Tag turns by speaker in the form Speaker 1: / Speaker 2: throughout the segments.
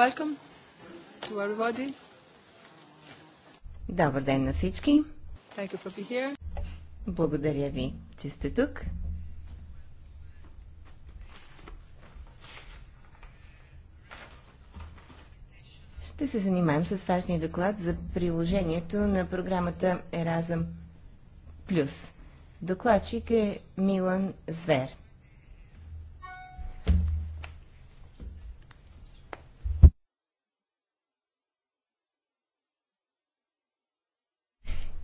Speaker 1: Welcome
Speaker 2: to everybody.
Speaker 1: Добър ден на всички.
Speaker 2: Thank you for being here.
Speaker 1: Благодаря ви, че сте тук. Ще се занимаем с важния доклад за приложението на програмата Еразъм Плюс. Докладчик е Милан Звер.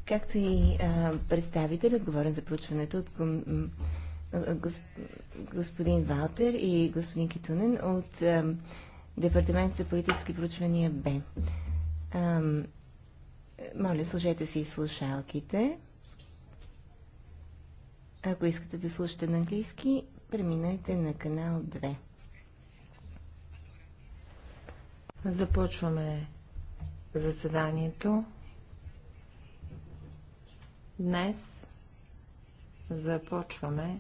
Speaker 1: както и а, представителят, отговорен за проучването от ком, гос, господин Валтер и господин Китунен от а, Департамент за политически проучвания Б. А, моля, сложете си слушалките. Ако искате да слушате на английски, преминайте на канал
Speaker 3: 2. Започваме заседанието. Днес започваме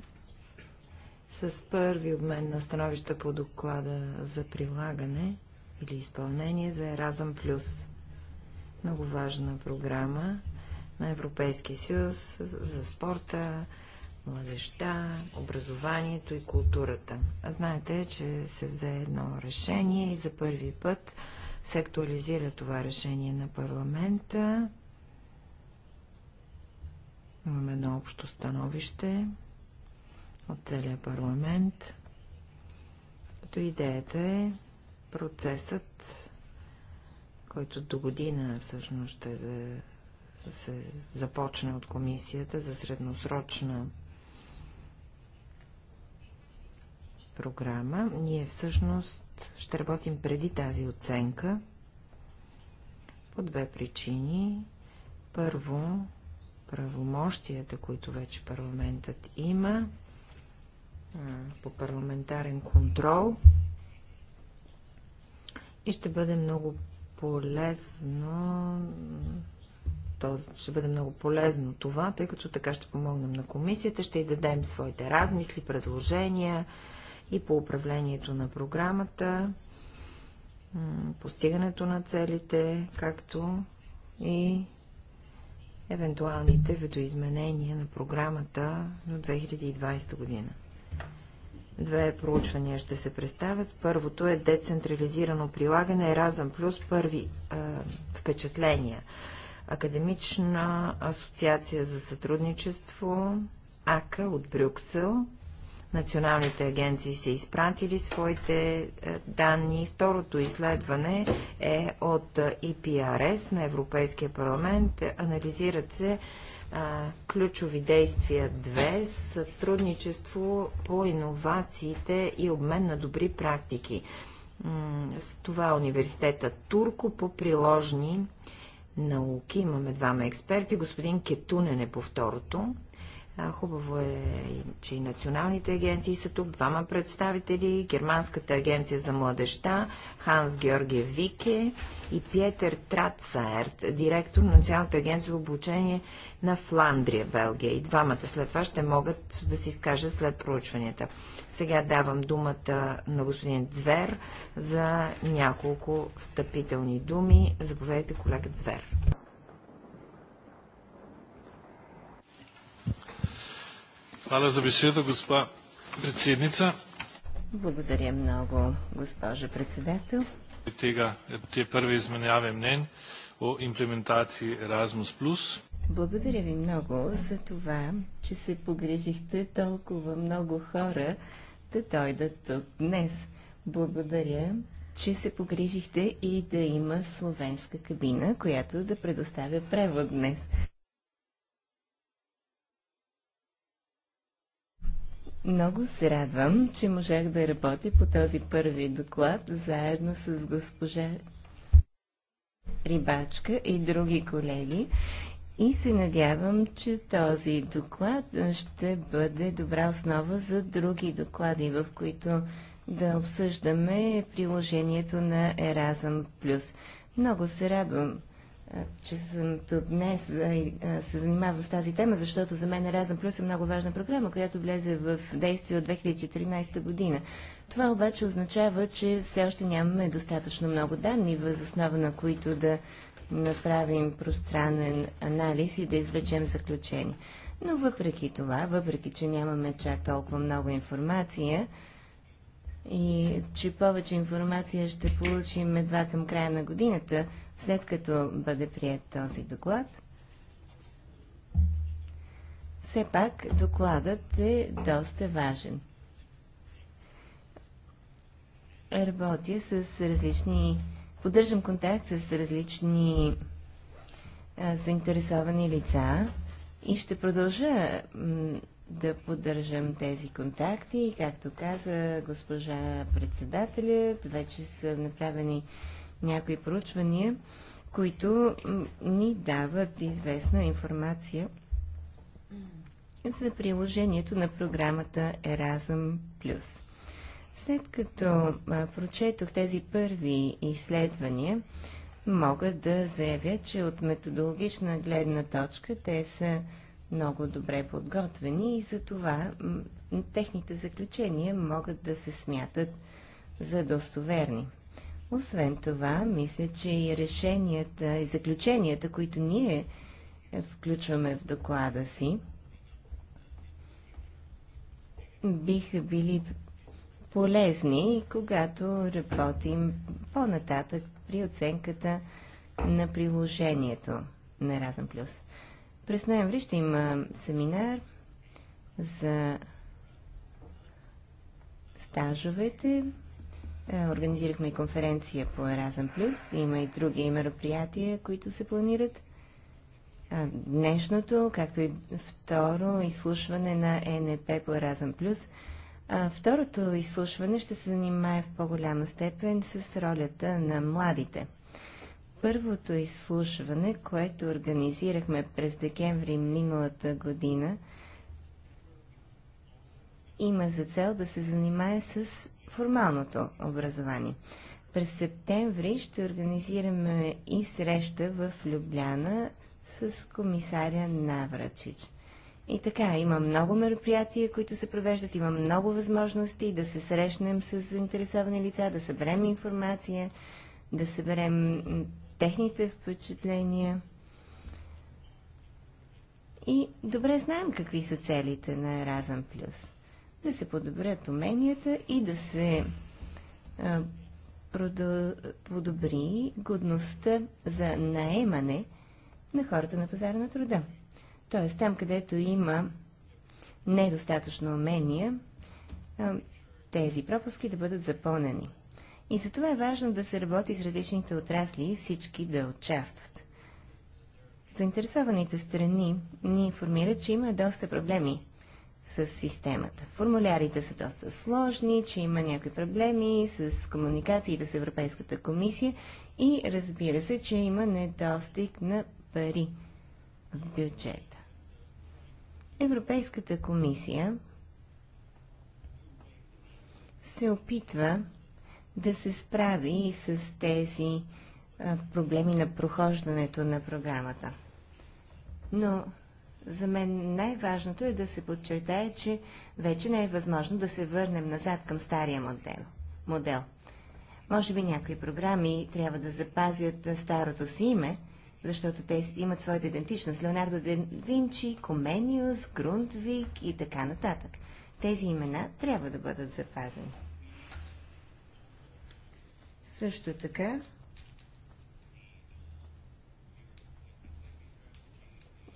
Speaker 3: с първи обмен на становища по доклада за прилагане или изпълнение за Еразъм Плюс. Много важна програма на Европейския съюз за спорта, младеща, образованието и културата. А знаете, че се взе едно решение и за първи път се актуализира това решение на парламента Имаме едно общо становище от целия парламент, като идеята е процесът, който до година всъщност ще за, се започне от комисията за средносрочна програма. Ние всъщност ще работим преди тази оценка по две причини. Първо, правомощията, които вече парламентът има по парламентарен контрол и ще бъде много полезно то ще бъде много полезно това, тъй като така ще помогнем на комисията, ще й дадем своите размисли, предложения и по управлението на програмата, постигането на целите, както и евентуалните видоизменения на програмата на 2020 година. Две проучвания ще се представят. Първото е децентрализирано прилагане Еразъм плюс първи е, впечатления. Академична асоциация за сътрудничество АКА от Брюксел Националните агенции са изпратили своите е, данни. Второто изследване е от EPRS е, на Европейския парламент. Анализират се е, ключови действия 2 сътрудничество по иновациите и обмен на добри практики. С това е университета Турко по приложни науки. Имаме двама експерти. Господин Кетунен е по второто. Хубаво е, че и националните агенции са тук, двама представители, Германската агенция за младеща, Ханс Георгия Вике и Пьетер Трацаерт, директор на Националната агенция за обучение на Фландрия, Белгия. И двамата след това ще могат да се изкажат след проучванията. Сега давам думата на господин Звер за няколко встъпителни думи. Заповядайте, колега Звер. Hvala za besedo, gospa predsednica.
Speaker 1: Благодаря много, госпожа председател.
Speaker 3: Тега, те първи изменяве мнен о имплементации Erasmus+.
Speaker 1: Благодаря ви много за това, че се погрежихте толкова много хора да дойдат от днес. Благодаря, че се погрижихте и да има словенска кабина, която да предоставя превод днес. Много се радвам, че можах да работя по този първи доклад заедно с госпожа Рибачка и други колеги и се надявам, че този доклад ще бъде добра основа за други доклади, в които да обсъждаме приложението на Еразъм Плюс. Много се радвам, че съм тук днес и се занимавам с тази тема, защото за мен Еразъм Плюс е много важна програма, която влезе в действие от 2014 година. Това обаче означава, че все още нямаме достатъчно много данни, въз основа на които да направим пространен анализ и да извлечем заключение. Но въпреки това, въпреки че нямаме чак толкова много информация, и че повече информация ще получим едва към края на годината, след като бъде прият този доклад, все пак докладът е доста важен. Работя с различни... Поддържам контакт с различни а, заинтересовани лица и ще продължа да поддържам тези контакти. Както каза госпожа председателят, вече са направени някои проучвания, които ни дават известна информация за приложението на програмата Erasm+. След като прочетох тези първи изследвания, мога да заявя, че от методологична гледна точка те са много добре подготвени и за това техните заключения могат да се смятат за достоверни. Освен това, мисля, че и решенията и заключенията, които ние включваме в доклада си, биха били полезни, когато работим по-нататък при оценката на приложението на Разъм Плюс. През ноември ще има семинар за стажовете, е, организирахме и конференция по Еразъм Плюс. Има и други мероприятия, които се планират. Днешното, както и второ изслушване на ЕНП по Еразъм Плюс. Второто изслушване ще се занимае в по-голяма степен с ролята на младите. Първото изслушване, което организирахме през декември миналата година, има за цел да се занимае с формалното образование. През септември ще организираме и среща в Любляна с комисаря Наврачич. И така, има много мероприятия, които се провеждат, има много възможности да се срещнем с заинтересовани лица, да съберем информация, да съберем техните впечатления. И добре знаем какви са целите на Еразъм Плюс да се подобрят уменията и да се а, подобри годността за наемане на хората на пазара на труда. Тоест, там, където има недостатъчно умения, тези пропуски да бъдат запълнени. И за това е важно да се работи с различните отрасли и всички да участват. Заинтересованите страни ни информират, че има доста проблеми с системата. Формулярите са доста сложни, че има някои проблеми с комуникациите с Европейската комисия и разбира се, че има недостиг на пари в бюджета. Европейската комисия се опитва да се справи с тези проблеми на прохождането на програмата. Но за мен най-важното е да се подчертае, че вече не е възможно да се върнем назад към стария модел. модел. Може би някои програми трябва да запазят старото си име, защото те имат своята идентичност. Леонардо Ден Винчи, Комениус, Грунтвик и така нататък. Тези имена трябва да бъдат запазени. Също така,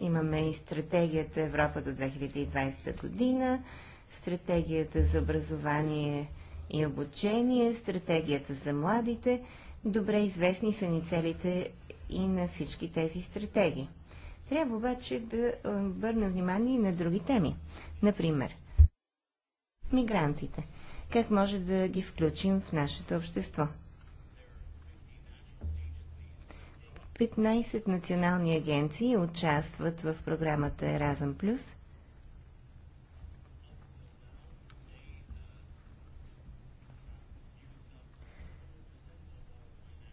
Speaker 1: Имаме и стратегията Европа до 2020 година, стратегията за образование и обучение, стратегията за младите. Добре известни са ни целите и на всички тези стратегии. Трябва обаче да е, обърна внимание и на други теми. Например, мигрантите. Как може да ги включим в нашето общество? 15 национални агенции участват в програмата Еразъм Плюс.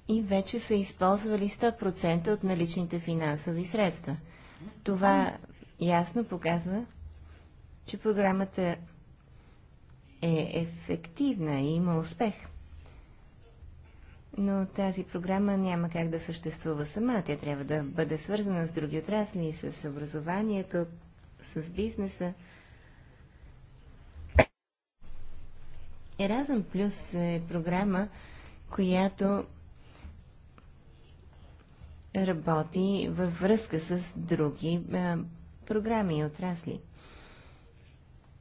Speaker 1: И вече са използвали 100% от наличните финансови средства. Това ясно показва, че програмата е ефективна и има успех но тази програма няма как да съществува сама. Тя трябва да бъде свързана с други отрасли, с образованието, с бизнеса. Еразъм Плюс е програма, която работи във връзка с други а, програми и отрасли.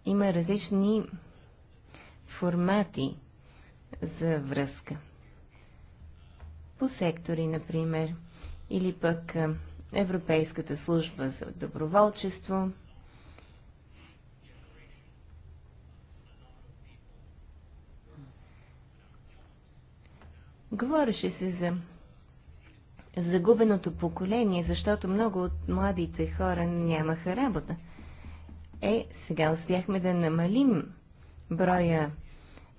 Speaker 1: Има различни формати за връзка по сектори, например, или пък Европейската служба за доброволчество. Говореше се за загубеното поколение, защото много от младите хора нямаха работа. Е, сега успяхме да намалим броя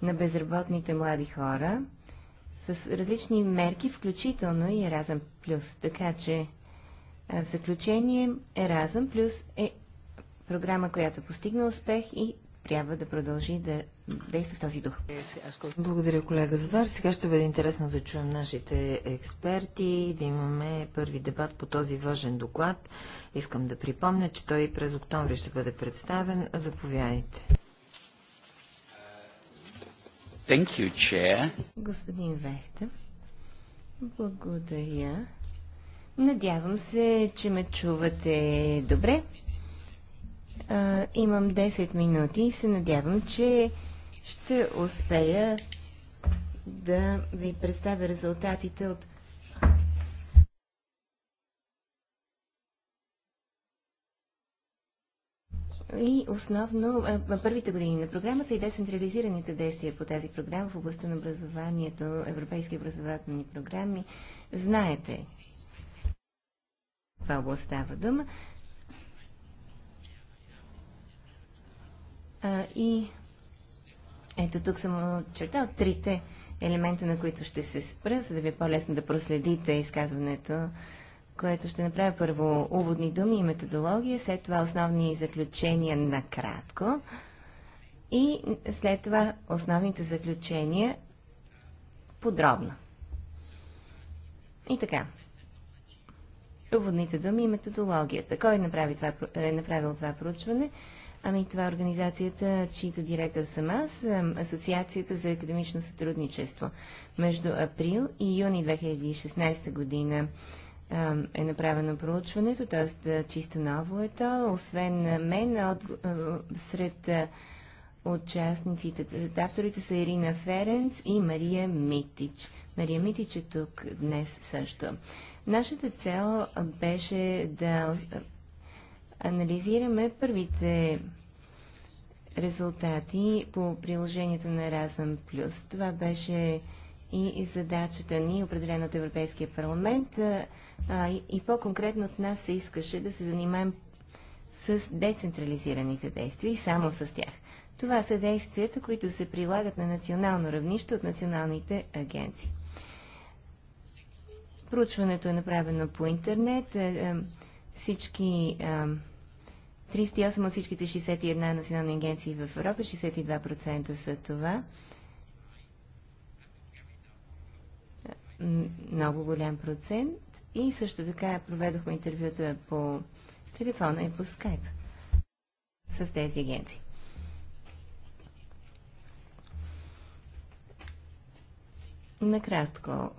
Speaker 1: на безработните млади хора – с различни мерки, включително и Еразъм Плюс. Така че в заключение Еразъм Плюс е програма, която постигна успех и трябва да продължи да действа в този дух.
Speaker 3: Благодаря, колега Звар. Сега ще бъде интересно да чуем нашите експерти, да имаме първи дебат по този важен доклад. Искам да припомня, че той през октомври ще бъде представен. Заповядайте.
Speaker 4: Thank you, Chair.
Speaker 3: Господин Вехта, благодаря.
Speaker 1: Надявам се, че ме чувате добре. А, имам 10 минути и се надявам, че ще успея да ви представя резултатите от и основно е, е, първите години на програмата и децентрализираните действия по тази програма в областта на образованието, европейски образователни програми. Знаете, в област става дума. А, и ето тук съм очертал трите елемента, на които ще се спра, за да ви е по-лесно да проследите изказването което ще направя първо уводни думи и методология, след това основни заключения на кратко и след това основните заключения подробно. И така. Уводните думи и методологията. Кой е направи това, е направил това проучване? Ами това е организацията, чийто директор съм аз, Асоциацията за академично сътрудничество. Между април и юни 2016 година е направено проучването, т.е. чисто ново е то. Освен мен, от, сред участниците, авторите са Ирина Ференц и Мария Митич. Мария Митич е тук днес също. Нашата цел беше да анализираме първите резултати по приложението на Разъм Плюс. Това беше и задачата ни, определена от Европейския парламент. А, и по-конкретно от нас се искаше да се занимаем с децентрализираните действия и само с тях. Това са действията, които се прилагат на национално равнище от националните агенции. Проучването е направено по интернет. Е, е, всички 38 е, от всичките 61 национални агенции в Европа, 62% са това. много голям процент и също така проведохме интервюта по телефона и по скайп с тези агенции. Накратко,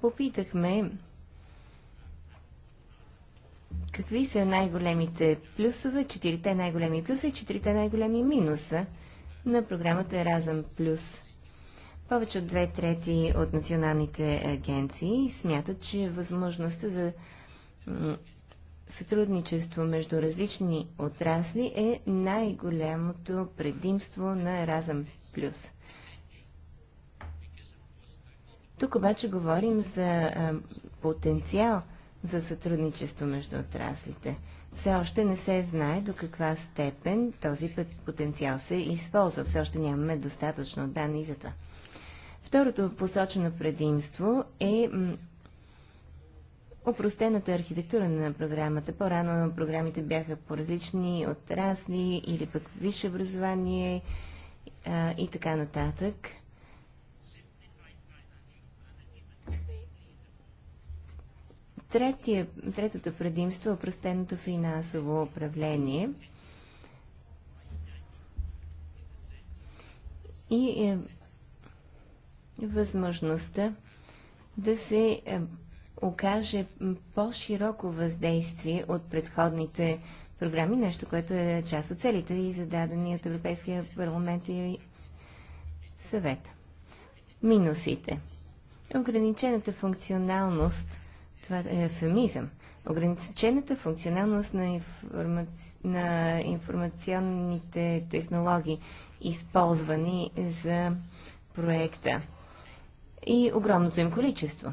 Speaker 1: попитахме какви са най-големите плюсове, четирите най-големи плюса и четирите най-големи минуса на програмата Еразъм Плюс повече от две трети от националните агенции смятат, че е възможността за сътрудничество между различни отрасли е най-голямото предимство на Разъм Плюс. Тук обаче говорим за потенциал за сътрудничество между отраслите. Все още не се знае до каква степен този потенциал се използва. Все още нямаме достатъчно данни за това. Второто посочено предимство е Опростената архитектура на програмата. По-рано програмите бяха по различни отрасли или пък висше образование а, и така нататък. Третия, третото предимство е опростеното финансово управление. И е, възможността да се е, окаже по-широко въздействие от предходните програми, нещо, което е част от целите и зададени от Европейския парламент и съвета. Минусите. Ограничената функционалност, това е ефемизъм, ограничената функционалност на, информаци... на информационните технологии, използвани за проекта и огромното им количество.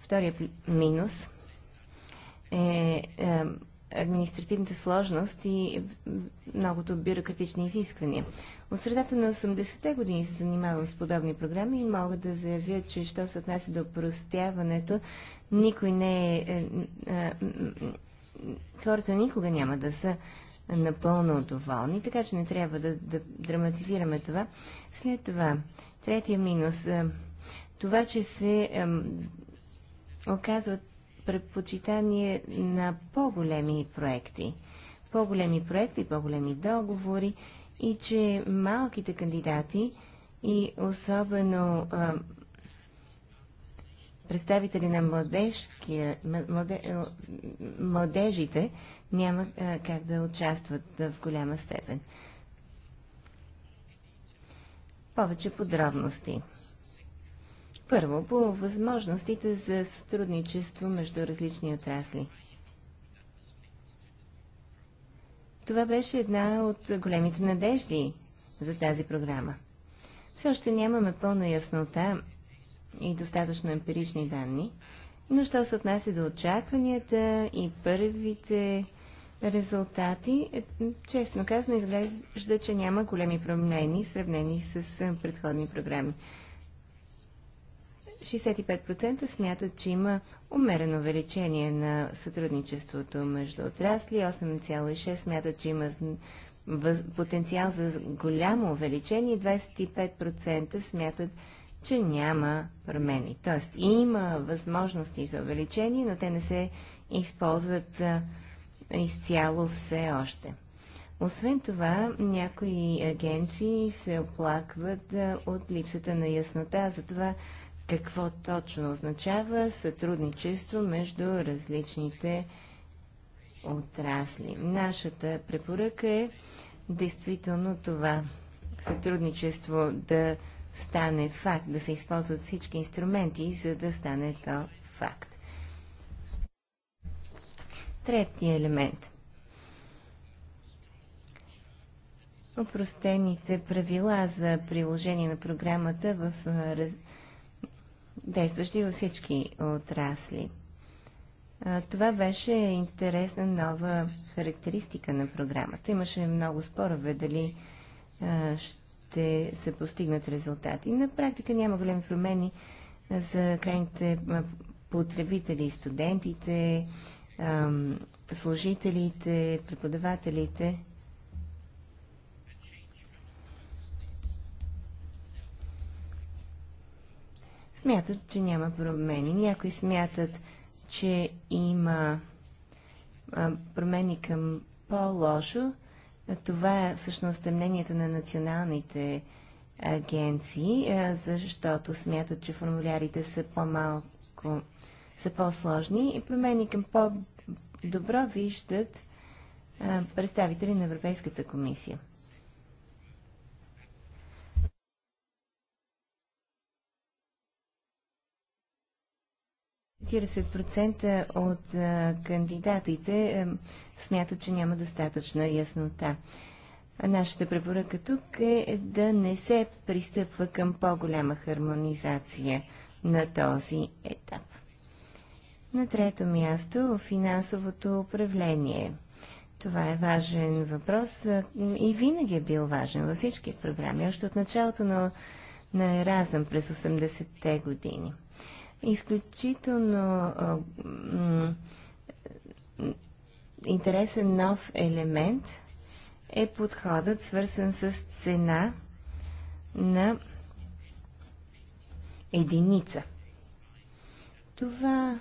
Speaker 1: Втория минус е, е административната сложност и многото бюрократични изисквания. От средата на 80-те години се занимавам с подобни програми и мога да заявя, че що се отнася до простяването, никой не е, е, е... Хората никога няма да са напълно доволни, така че не трябва да, да драматизираме това. След това, третия минус. Е, това, че се ем, оказват предпочитание на по-големи проекти, по-големи проекти, по-големи договори и че малките кандидати и особено ем, представители на младежки, младе, е, младежите няма е, как да участват е, в голяма степен. Повече подробности. Първо, по възможностите за сътрудничество между различни отрасли. Това беше една от големите надежди за тази програма. Все още нямаме пълна яснота и достатъчно емпирични данни, но що се отнася до очакванията и първите резултати, е, честно казано, изглежда, че няма големи промени, сравнени с е, предходни програми. 65% смятат, че има умерено увеличение на сътрудничеството между отрасли, 8,6% смятат, че има потенциал за голямо увеличение, 25% смятат, че няма промени. Тоест има възможности за увеличение, но те не се използват изцяло все още. Освен това, някои агенции се оплакват от липсата на яснота за това какво точно означава сътрудничество между различните отрасли. Нашата препоръка е действително това сътрудничество да стане факт, да се използват всички инструменти, за да стане то факт. Третия елемент. Опростените правила за приложение на програмата в действащи във всички отрасли. Това беше интересна нова характеристика на програмата. Имаше много спорове дали ще се постигнат резултати. На практика няма големи промени за крайните потребители, студентите, служителите, преподавателите. смятат, че няма промени. Някои смятат, че има промени към по-лошо. Това е всъщност мнението на националните агенции, защото смятат, че формулярите са по-малко, са по-сложни и промени към по-добро виждат представители на Европейската комисия. 40% от кандидатите смятат, че няма достатъчна яснота. нашата препоръка тук е да не се пристъпва към по-голяма хармонизация на този етап. На трето място финансовото управление. Това е важен въпрос и винаги е бил важен във всички програми, още от началото на, на Еразъм през 80-те години изключително интересен нов елемент е подходът, свързан с цена на единица. Това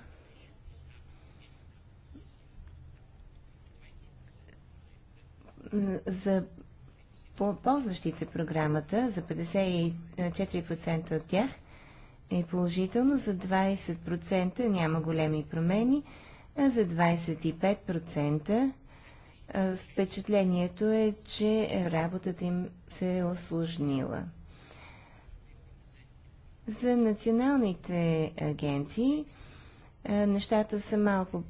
Speaker 1: за ползващите програмата, за 54% от тях, е положително, за 20% няма големи промени, а за 25% впечатлението е, че работата им се е осложнила. За националните агенции нещата са малко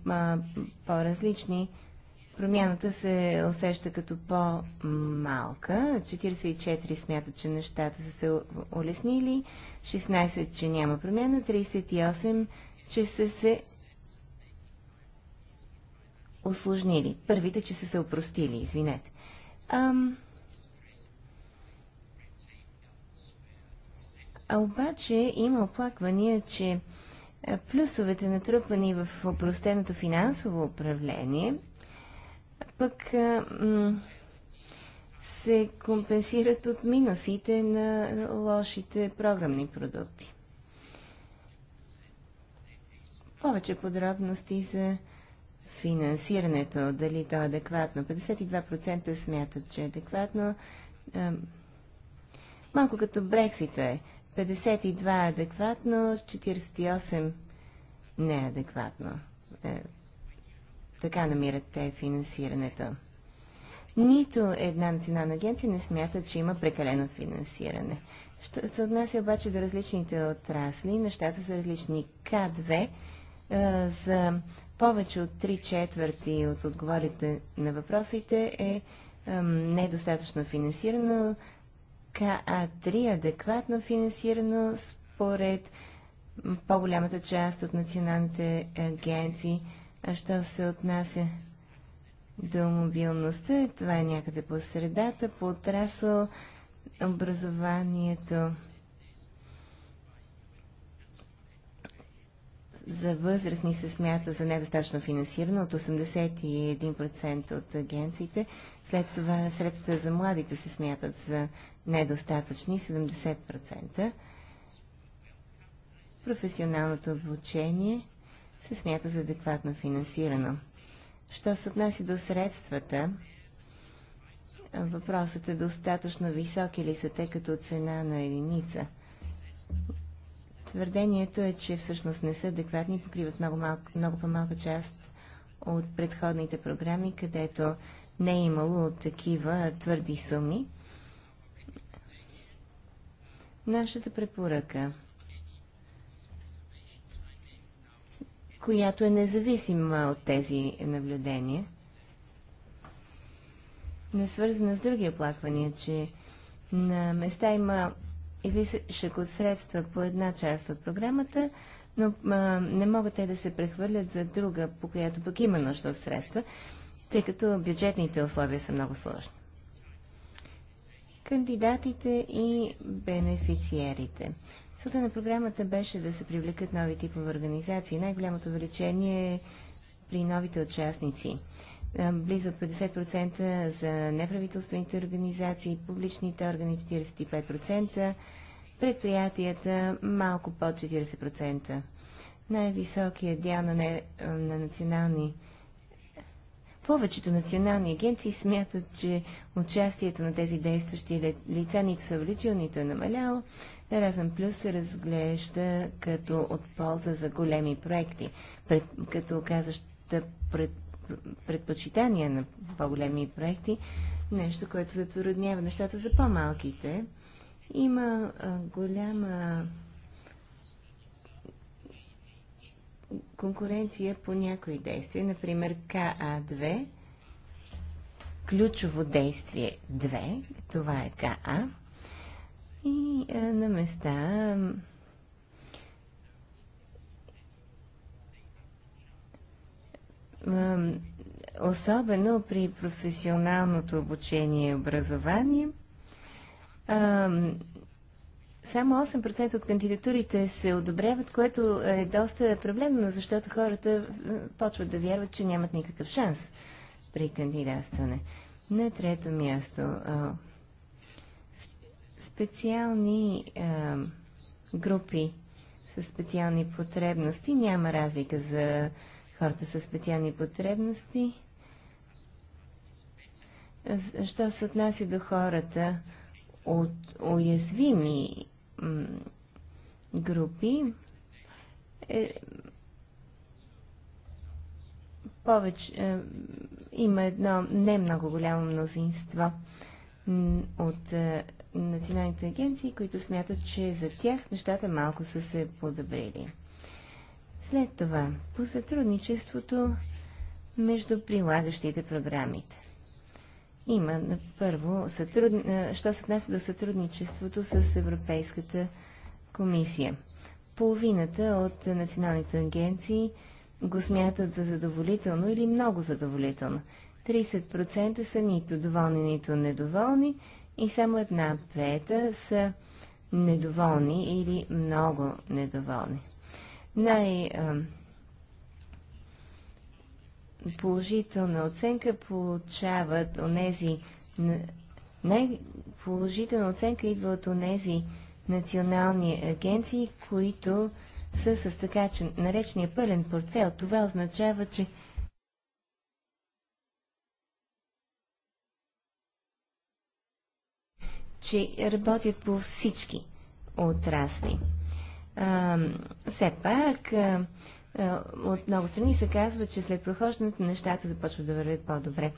Speaker 1: по-различни. По промяната се усеща като по-малка. 44 смятат, че нещата са се улеснили, 16, че няма промяна, 38, че са се осложнили. Първите, че са се опростили, извинете. Ам... А обаче има оплаквания, че плюсовете натрупани в опростеното финансово управление – пък се компенсират от минусите на лошите програмни продукти. Повече подробности за финансирането, дали то е адекватно. 52% смятат, че е адекватно. Малко като Брексита е. 52 е адекватно, 48 неадекватно. Е е, така намират те финансирането. Нито една национална агенция не смята, че има прекалено финансиране. Що се отнася обаче до различните отрасли, нещата са различни. К2 е, за повече от 3 четвърти от отговорите на въпросите е е недостатъчно финансирано. КА3 адекватно финансирано според по-голямата част от националните агенции – а що се отнася до мобилността, това е някъде по средата, по отрасъл, образованието за възрастни се смята за недостатъчно финансирано от 81% от агенциите. След това средствата за младите се смятат за недостатъчни 70%. Професионалното обучение – се смята за адекватно финансирано. Що се отнася до средствата, въпросът е достатъчно високи ли са те като цена на единица. Твърдението е, че всъщност не са адекватни и покриват много, малко, много по-малка част от предходните програми, където не е имало такива твърди суми. Нашата препоръка – която е независима от тези наблюдения. Не свързана с други оплаквания, че на места има излишък от средства по една част от програмата, но а, не могат те да се прехвърлят за друга, по която пък има нужда от средства, тъй като бюджетните условия са много сложни. Кандидатите и бенефициерите. Целта на програмата беше да се привлекат нови типове организации. Най-голямото увеличение е при новите участници. Близо 50% за неправителствените организации, публичните органи 45%, предприятията малко под 40%. Най-високият дял на, не, на национални повечето национални агенции смятат, че участието на тези действащи лица нито са е увеличил, нито е намаляло. Еразъм Плюс се разглежда като от полза за големи проекти, пред, като оказваща пред, предпочитания на по-големи проекти, нещо, което затруднява нещата за по-малките. Има а, голяма конкуренция по някои действия, например КА2, ключово действие 2, това е КА, и а, е, на места а, особено при професионалното обучение и образование а, само 8% от кандидатурите се одобряват, което е доста проблемно, защото хората почват да вярват, че нямат никакъв шанс при кандидатстване. На трето място, специални а, групи с специални потребности. Няма разлика за хората с специални потребности. Що се отнася до хората от уязвими групи, е, повече, е, има едно не много голямо мнозинство от е, националните агенции, които смятат, че за тях нещата малко са се подобрили. След това, по сътрудничеството между прилагащите програмите. Има на първо, сътруд... що се отнася до сътрудничеството с Европейската комисия. Половината от националните агенции го смятат за задоволително или много задоволително. 30% са нито доволни, нито недоволни и само една пета са недоволни или много недоволни. Най- положителна оценка получават онези най-положителна оценка идва от онези национални агенции, които са с така наречения пълен портфел. Това означава, че че работят по всички отрасли. А, все пак, а, а, от много страни се казва, че след прохождането нещата започват да вървят по-добре.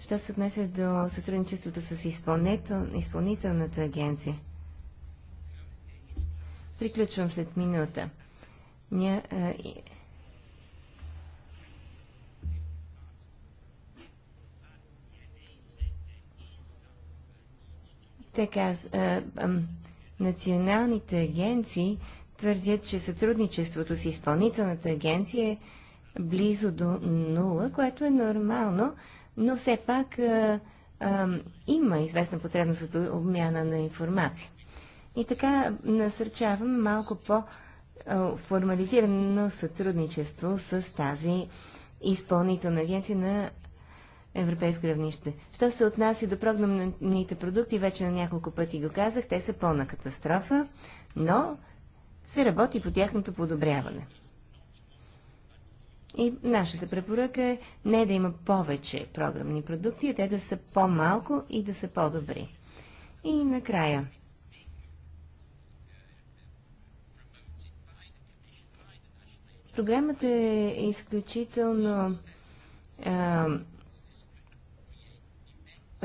Speaker 1: Що се отнесе до сътрудничеството с изпълнител, изпълнителната агенция? Приключвам след минута. Ня, Те каз... а, а, националните агенции твърдят, че сътрудничеството с изпълнителната агенция е близо до нула, което е нормално, но все пак а, а, има известна потребност от обмяна на информация. И така насърчавам малко по-формализирано сътрудничество с тази изпълнителна агенция на европейско равнище. Що се отнася до програмните продукти, вече на няколко пъти го казах, те са пълна катастрофа, но се работи по тяхното подобряване. И нашата препоръка е не да има повече програмни продукти, а те да са по-малко и да са по-добри. И накрая. Програмата е изключително а,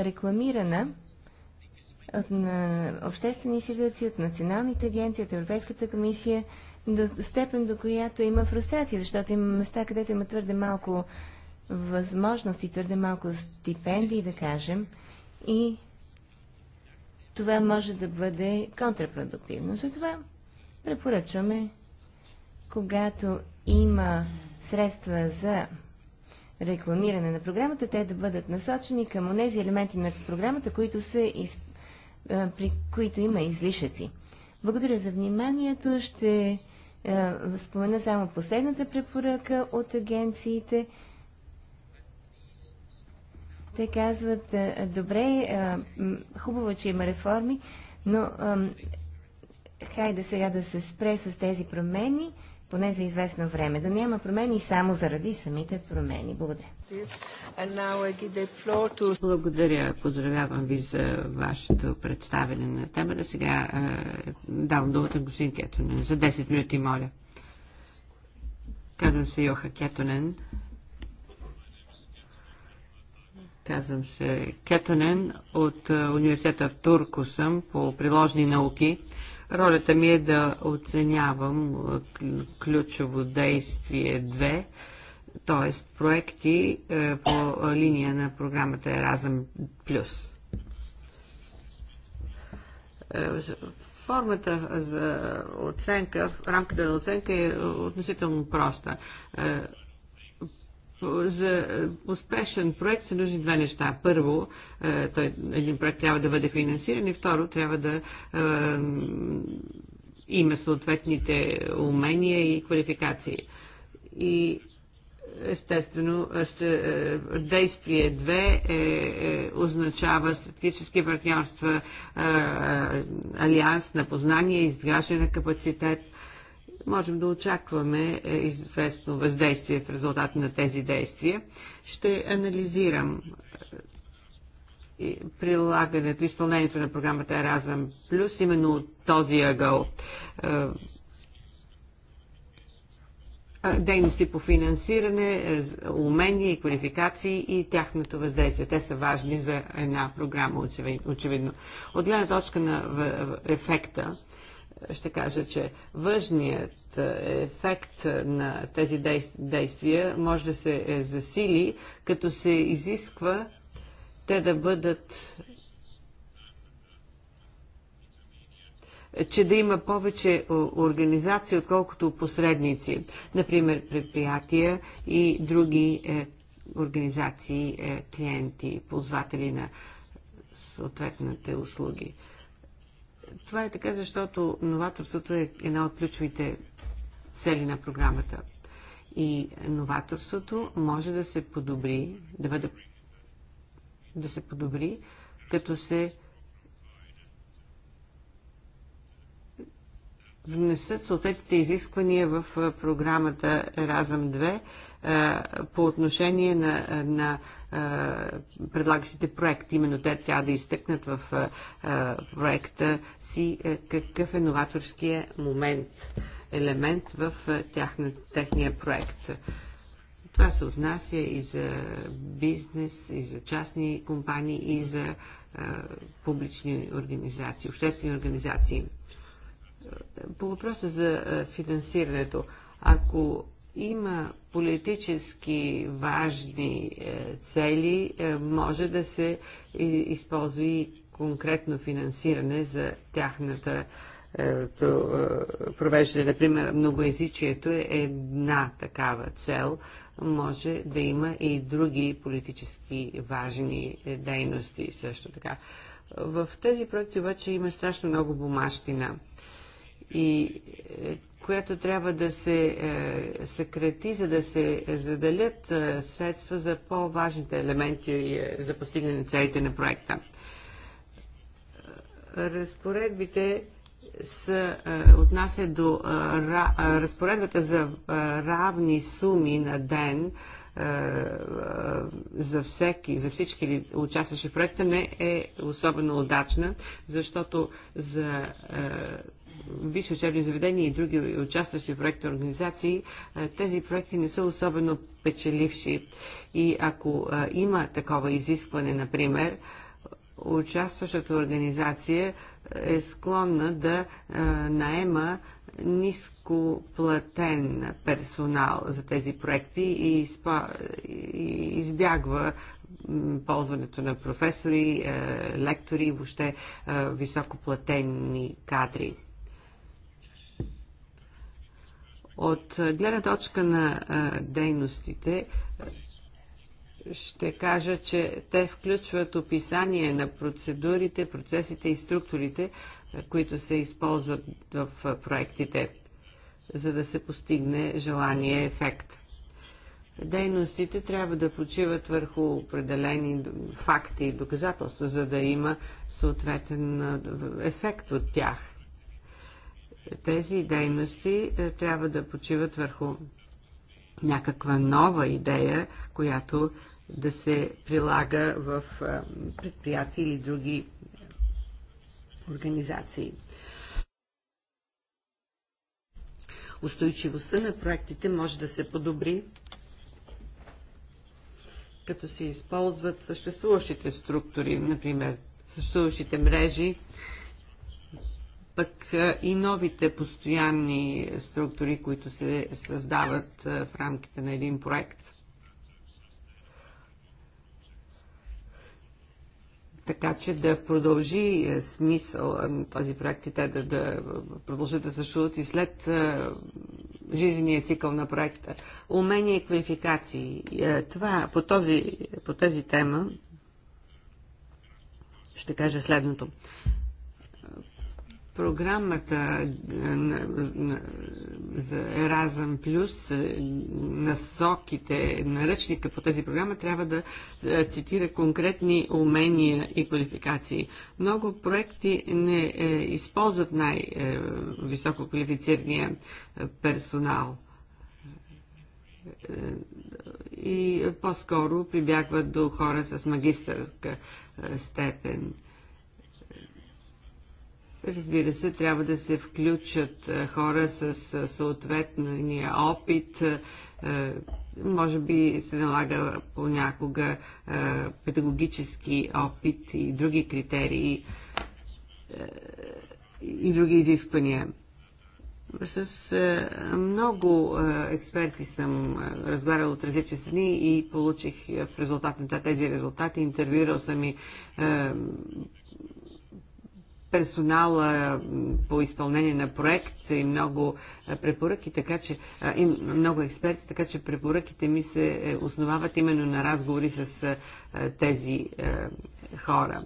Speaker 1: рекламирана от на обществени институции, от националните агенции, от Европейската комисия, до степен до която има фрустрация, защото има места, където има твърде малко възможности, твърде малко стипендии, да кажем, и това може да бъде контрапродуктивно. Затова препоръчваме, когато има средства за рекламиране на програмата, те да бъдат насочени към онези елементи на програмата, които са из... при които има излишъци. Благодаря за вниманието. Ще спомена само последната препоръка от агенциите. Те казват, добре, хубаво, че има реформи, но хайде сега да се спре с тези промени поне за известно време. Да няма промени само заради самите промени. Благодаря.
Speaker 2: Благодаря. Поздравявам ви за вашето представене на тема. Да сега давам думата на господин Кетонен. За 10 минути, моля. Казвам се Йоха Кетонен. Казвам се Кетонен от университета в Турко съм по приложни науки. Ролята ми е да оценявам ключово действие 2 т.е. проекти е, по линия на програмата Еразъм Плюс. Е, формата за оценка, рамката на оценка е относително проста. Е, за е, успешен проект са нужни две неща. Първо, е, той, един проект трябва да бъде финансиран и второ, трябва да е, има съответните умения и квалификации. И естествено, действие 2 е, е, означава стратегически партньорства, е, алианс на познание, изграждане на капацитет, можем да очакваме е, известно въздействие в резултат на тези действия. Ще анализирам е, прилагането, изпълнението на програмата Еразъм Plus, именно от този ъгъл е, дейности по финансиране, умения и квалификации и тяхното въздействие. Те са важни за една програма, очевидно. От гледна точка на ефекта, ще кажа, че външният е, ефект на тези действия може да се е, засили, като се изисква те да бъдат че да има повече организации, отколкото посредници, например предприятия и други е, организации, клиенти, ползватели на съответните услуги. Това е така, защото новаторството е една от ключовите цели на програмата. И новаторството може да се подобри, да бъде да се подобри, като се внесат съответните изисквания в програмата Разъм 2 по отношение на, на предлагащите проект. Именно те трябва да изтъкнат в проекта си какъв е новаторския момент, елемент в тяхна, техния проект. Това се отнася и за бизнес, и за частни компании, и за публични организации, обществени организации. По въпроса за финансирането, ако има политически важни е, цели, е, може да се използва и конкретно финансиране за тяхната е, провеждане. Например, многоязичието е една такава цел. Може да има и други политически важни дейности също така. В тези проекти обаче има страшно много бумащина. И която трябва да се е, съкрати, за да се заделят е, средства за по-важните елементи е, за постигане на целите на проекта. Разпоредбите е, отнася до е, е, разпоредбата за е, равни суми на ден е, за всеки, за всички участващи в проекта не е особено удачна, защото за висши учебни заведения и други участващи в проекти организации, е, тези проекти не са особено печеливши. И ако е, има такова изискване, например, участващата организация е склонна да е, наема нископлатен персонал за тези проекти и, и избягва ползването на професори, лектори и въобще високоплатени кадри. От гледна точка на дейностите, ще кажа, че те включват описание на процедурите, процесите и структурите, които се използват в проектите, за да се постигне желания ефект. Дейностите трябва да почиват върху определени факти и доказателства, за да има съответен ефект от тях – тези дейности е, трябва да почиват върху някаква нова идея, която да се прилага в е, предприятия или други организации. Устойчивостта на проектите може да се подобри, като се използват съществуващите структури, например съществуващите мрежи пък и новите постоянни структури, които се създават в рамките на един проект. така че да продължи смисъл този проект и те да, да продължат да съществуват и след е, жизнения цикъл на проекта. Умения и квалификации. това, по, този, по тази тема ще кажа следното. Програмата за Еразъм Плюс, насоките, наръчника по тази програма трябва да цитира конкретни умения и квалификации. Много проекти не е, използват най-високо квалифицирания е, персонал и по-скоро прибягват до хора с магистърска степен Разбира се, трябва да се включат е, хора с съответния опит. Е, може би се налага понякога е, педагогически опит и други критерии и други изисквания. С много експерти съм разговарял от различни страни и получих в резултат на тези резултати. Интервюирал съм и персонала по изпълнение на проект и много препоръки, така че и много експерти, така че препоръките ми се е, основават именно на разговори с тези хора.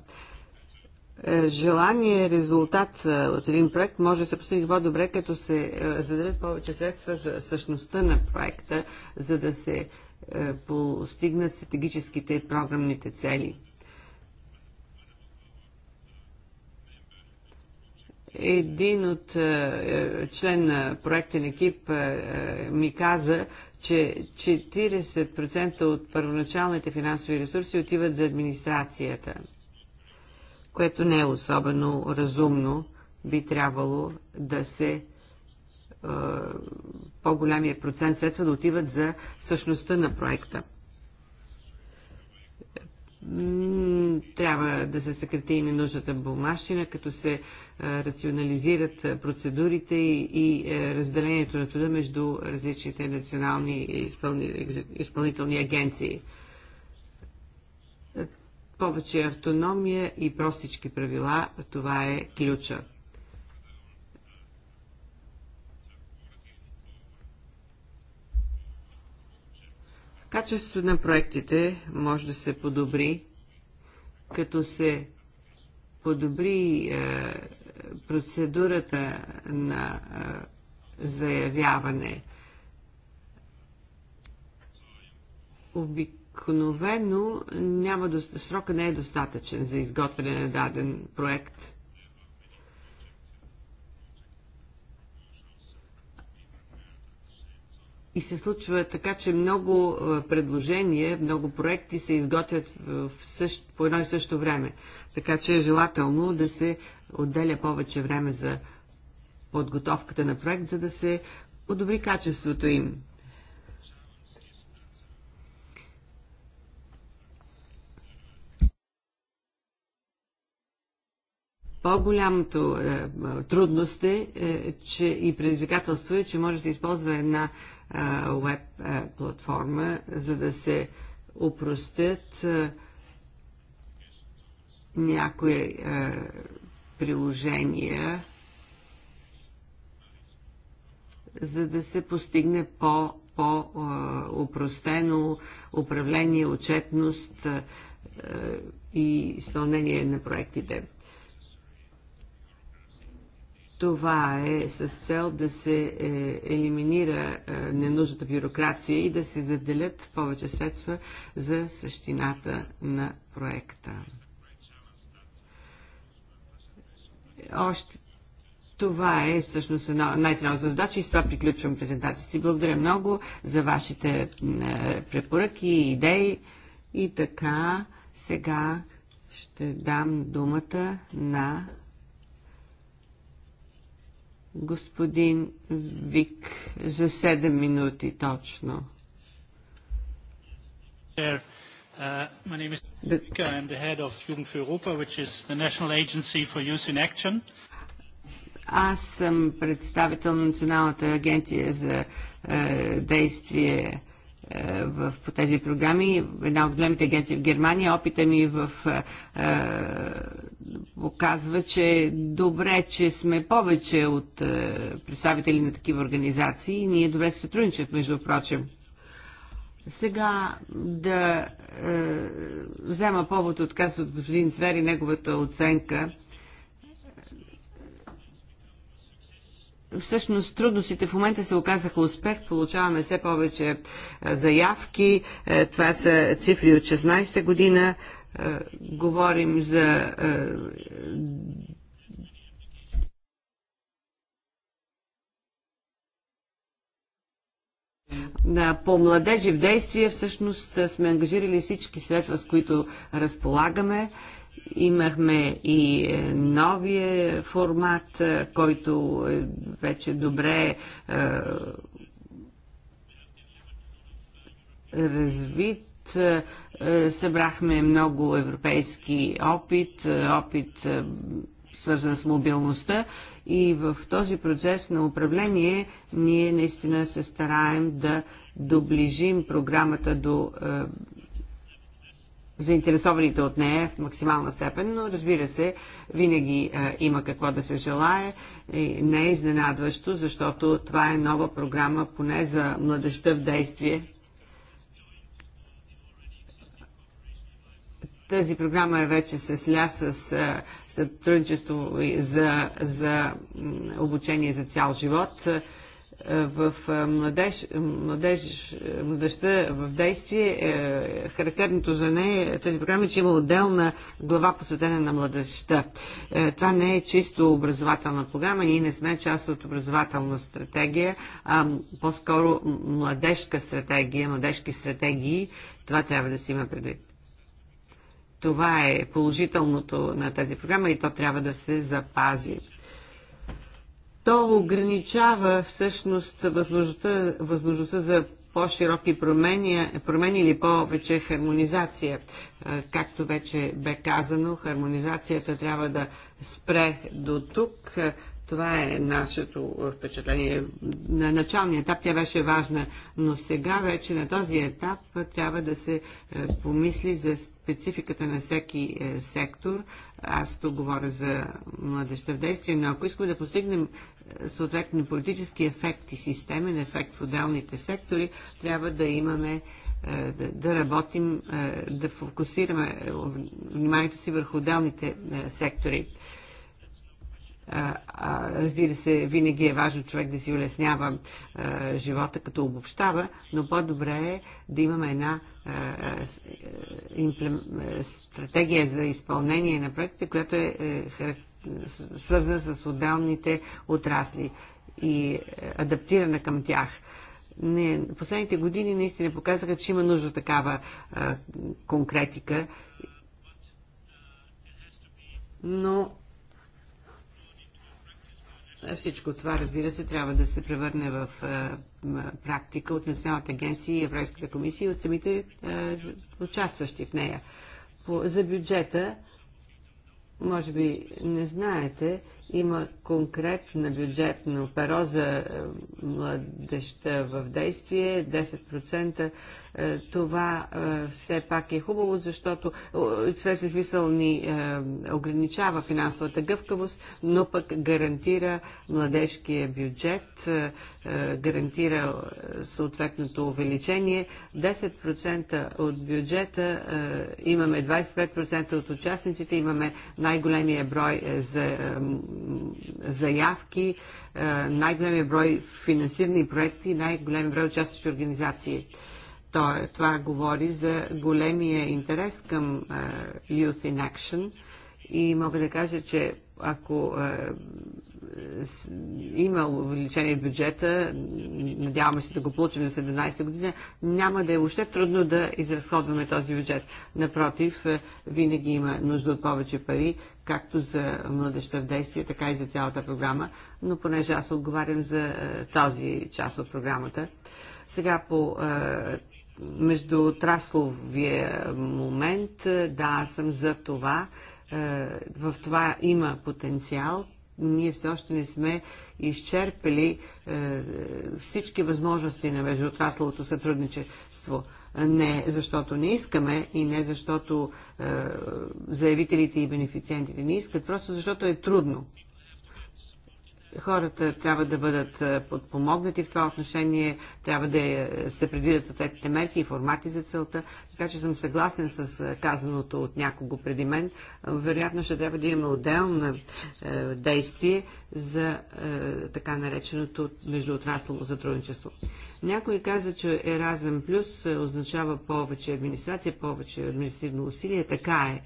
Speaker 2: Е, желание, резултат от един проект може да се постигне по-добре, като се заделят повече средства за същността на проекта, за да се е, постигнат стратегическите и програмните цели. Един от е, е, член на проектен екип е, ми каза, че 40% от първоначалните финансови ресурси отиват за администрацията, което не е особено разумно. Би трябвало да се по-голямия процент средства да отиват за същността на проекта трябва да се съкрати и ненужната бумажчина, като се рационализират процедурите и, е, разделението на труда между различните национални и изпълнителни агенции. Е, повече автономия и простички правила, това е ключа. Качеството на проектите може да се подобри, като се подобри е, процедурата на е, заявяване. Обикновено няма, срока не е достатъчен за изготвяне на даден проект. и се случва така, че много е, предложения, много проекти се изготвят е, в същ, по едно и също време. Така че е желателно да се отделя повече време за подготовката на проект, за да се подобри качеството им. По-голямото е, е, трудност е, е, че и предизвикателство е, че може да се използва една веб платформа, за да се упростят някои приложения, за да се постигне по по-упростено управление, отчетност и изпълнение на проектите. Това е с цел да се е, елиминира е, ненужната бюрокрация и да се заделят повече средства за същината на проекта. Още това е всъщност най-сериозна задача и с това приключвам презентацията си. Благодаря много за вашите е, препоръки и идеи. И така, сега ще дам думата на господин Вик за 7 минути точно. Uh, Аз съм представител на Националната агенция за е, действие е, в, по тези програми, една от големите агенции в Германия. Опита ми е в е, показва, че е добре, че сме повече от е, представители на такива организации и ние добре се сътрудничат, между прочим. Сега да е, взема повод от каза от господин Цвери неговата оценка. Всъщност трудностите в момента се оказаха успех, получаваме все повече е, заявки. Е, това са цифри от 16 година. Е, говорим за е, на по младежи в действие всъщност е, сме ангажирали всички средства, с които разполагаме. Имахме и новия формат, който вече добре е, развит е, е, събрахме много европейски опит, е, опит свързан с мобилността и в този процес на управление ние наистина се стараем да доближим програмата до заинтересованите от нея в максимална степен, но разбира се, винаги а, има какво да се желае. И не е изненадващо, защото това е нова програма, поне за младеща в действие. Тази програма е вече се сля с сътрудничество за, за обучение за цял живот в младеж, младеж, младежта в действие, е, характерното за нея тази програма, е, че има отделна глава посветена на младежта. Е, това не е чисто образователна програма, ние не сме част от образователна стратегия, а по-скоро младежка стратегия, младежки стратегии. Това трябва да си има предвид. Това е положителното на тази програма и то трябва да се запази. То ограничава всъщност възможността, възможността за по-широки промени, промени или повече хармонизация. Както вече бе казано, хармонизацията трябва да спре до тук. Това е нашето впечатление. На началния етап тя беше важна, но сега вече на този етап трябва да се помисли за спецификата на всеки е, сектор. Аз тук говоря за младеща в действие, но ако искаме да постигнем е, политически ефект и системен ефект в отделните сектори, трябва да имаме е, да, да работим, е, да фокусираме е, вниманието си върху отделните е, сектори. А, разбира се, винаги е важно човек да си улеснява а, живота, като обобщава, но по-добре е да имаме една имплем... стратегия за изпълнение на проектите, която е, е свързана с отделните отрасли и е, адаптирана към тях. Не, последните години наистина показаха, че има нужда такава конкретика, но всичко това, разбира се, трябва да се превърне в практика от Националната агенция и Европейската комисия и от самите участващи в нея. за бюджета, може би не знаете, има конкретна бюджетна перо за е, младеща в действие, 10%. Е, това е, все пак е хубаво, защото в свежи смисъл ни ограничава финансовата гъвкавост, но пък гарантира младежкия бюджет, гарантира съответното увеличение. 10% от бюджета имаме 25% от участниците, имаме най-големия брой за заявки, е, най-големия брой финансирани проекти, най големия брой участващи организации. То, това говори за големия интерес към е, Youth in Action и мога да кажа, че ако е, има увеличение в бюджета, надяваме се да го получим за 17 година, няма да е още трудно да изразходваме този бюджет. Напротив, винаги има нужда от повече пари, както за младеща в действие, така и за цялата програма, но понеже аз отговарям за е, този част от програмата. Сега по е, между трасловия момент, е, да, аз съм за това. В това има потенциал ние все още не сме изчерпили е, е, всички възможности на междуотрасловото сътрудничество. Не защото не искаме и не защото е, заявителите и бенефициентите не искат, просто защото е трудно. Хората трябва да бъдат е, подпомогнати в това отношение, трябва да е, се предвидят съответните мерки и формати за целта, така че съм съгласен с е, казаното от някого преди мен. Вероятно ще трябва да имаме отделно е, действие за е, така нареченото междуотраслово сътрудничество. Някой каза, че Еразъм Плюс означава повече администрация, повече административно усилие. Така е.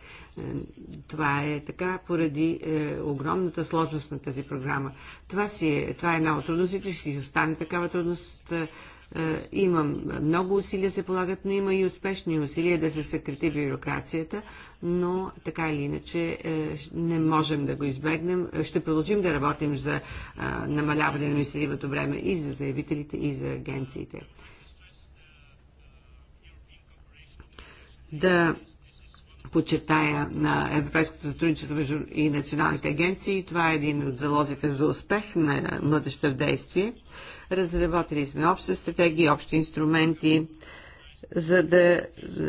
Speaker 2: Това е така поради е, огромната сложност на тази програма. Това, си е, това е една от трудностите, ще си остане такава трудност. Е, е, има много усилия се полагат, но има и успешни усилия да се съкрати бюрокрацията, но така или иначе е, не можем да го избегнем. Ще продължим да работим за е, намаляване на административното време и за заявителите, и за агенциите. Да подчертая на европейското сътрудничество между и националните агенции. Това е един от залозите за успех на младеща в действие. Разработили сме общи стратегии, общи инструменти, за да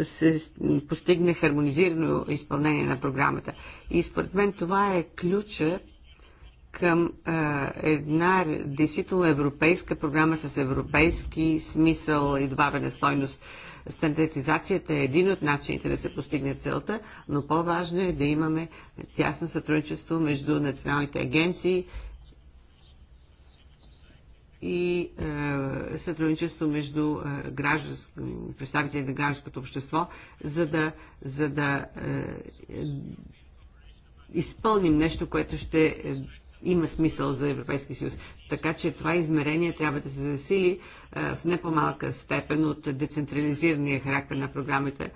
Speaker 2: се постигне хармонизирано изпълнение на програмата. И според мен това е ключа към а, една действително европейска програма с европейски смисъл и добавена стойност. Стандартизацията е един от начините да се постигне целта, но по-важно е да имаме тясно сътрудничество между националните агенции и е, сътрудничество между е, гражданс... представители на гражданското общество, за да, за да е, изпълним нещо, което ще има смисъл за Европейския съюз. Така че това измерение трябва да се засили в не по-малка степен от децентрализирания характер на програмите.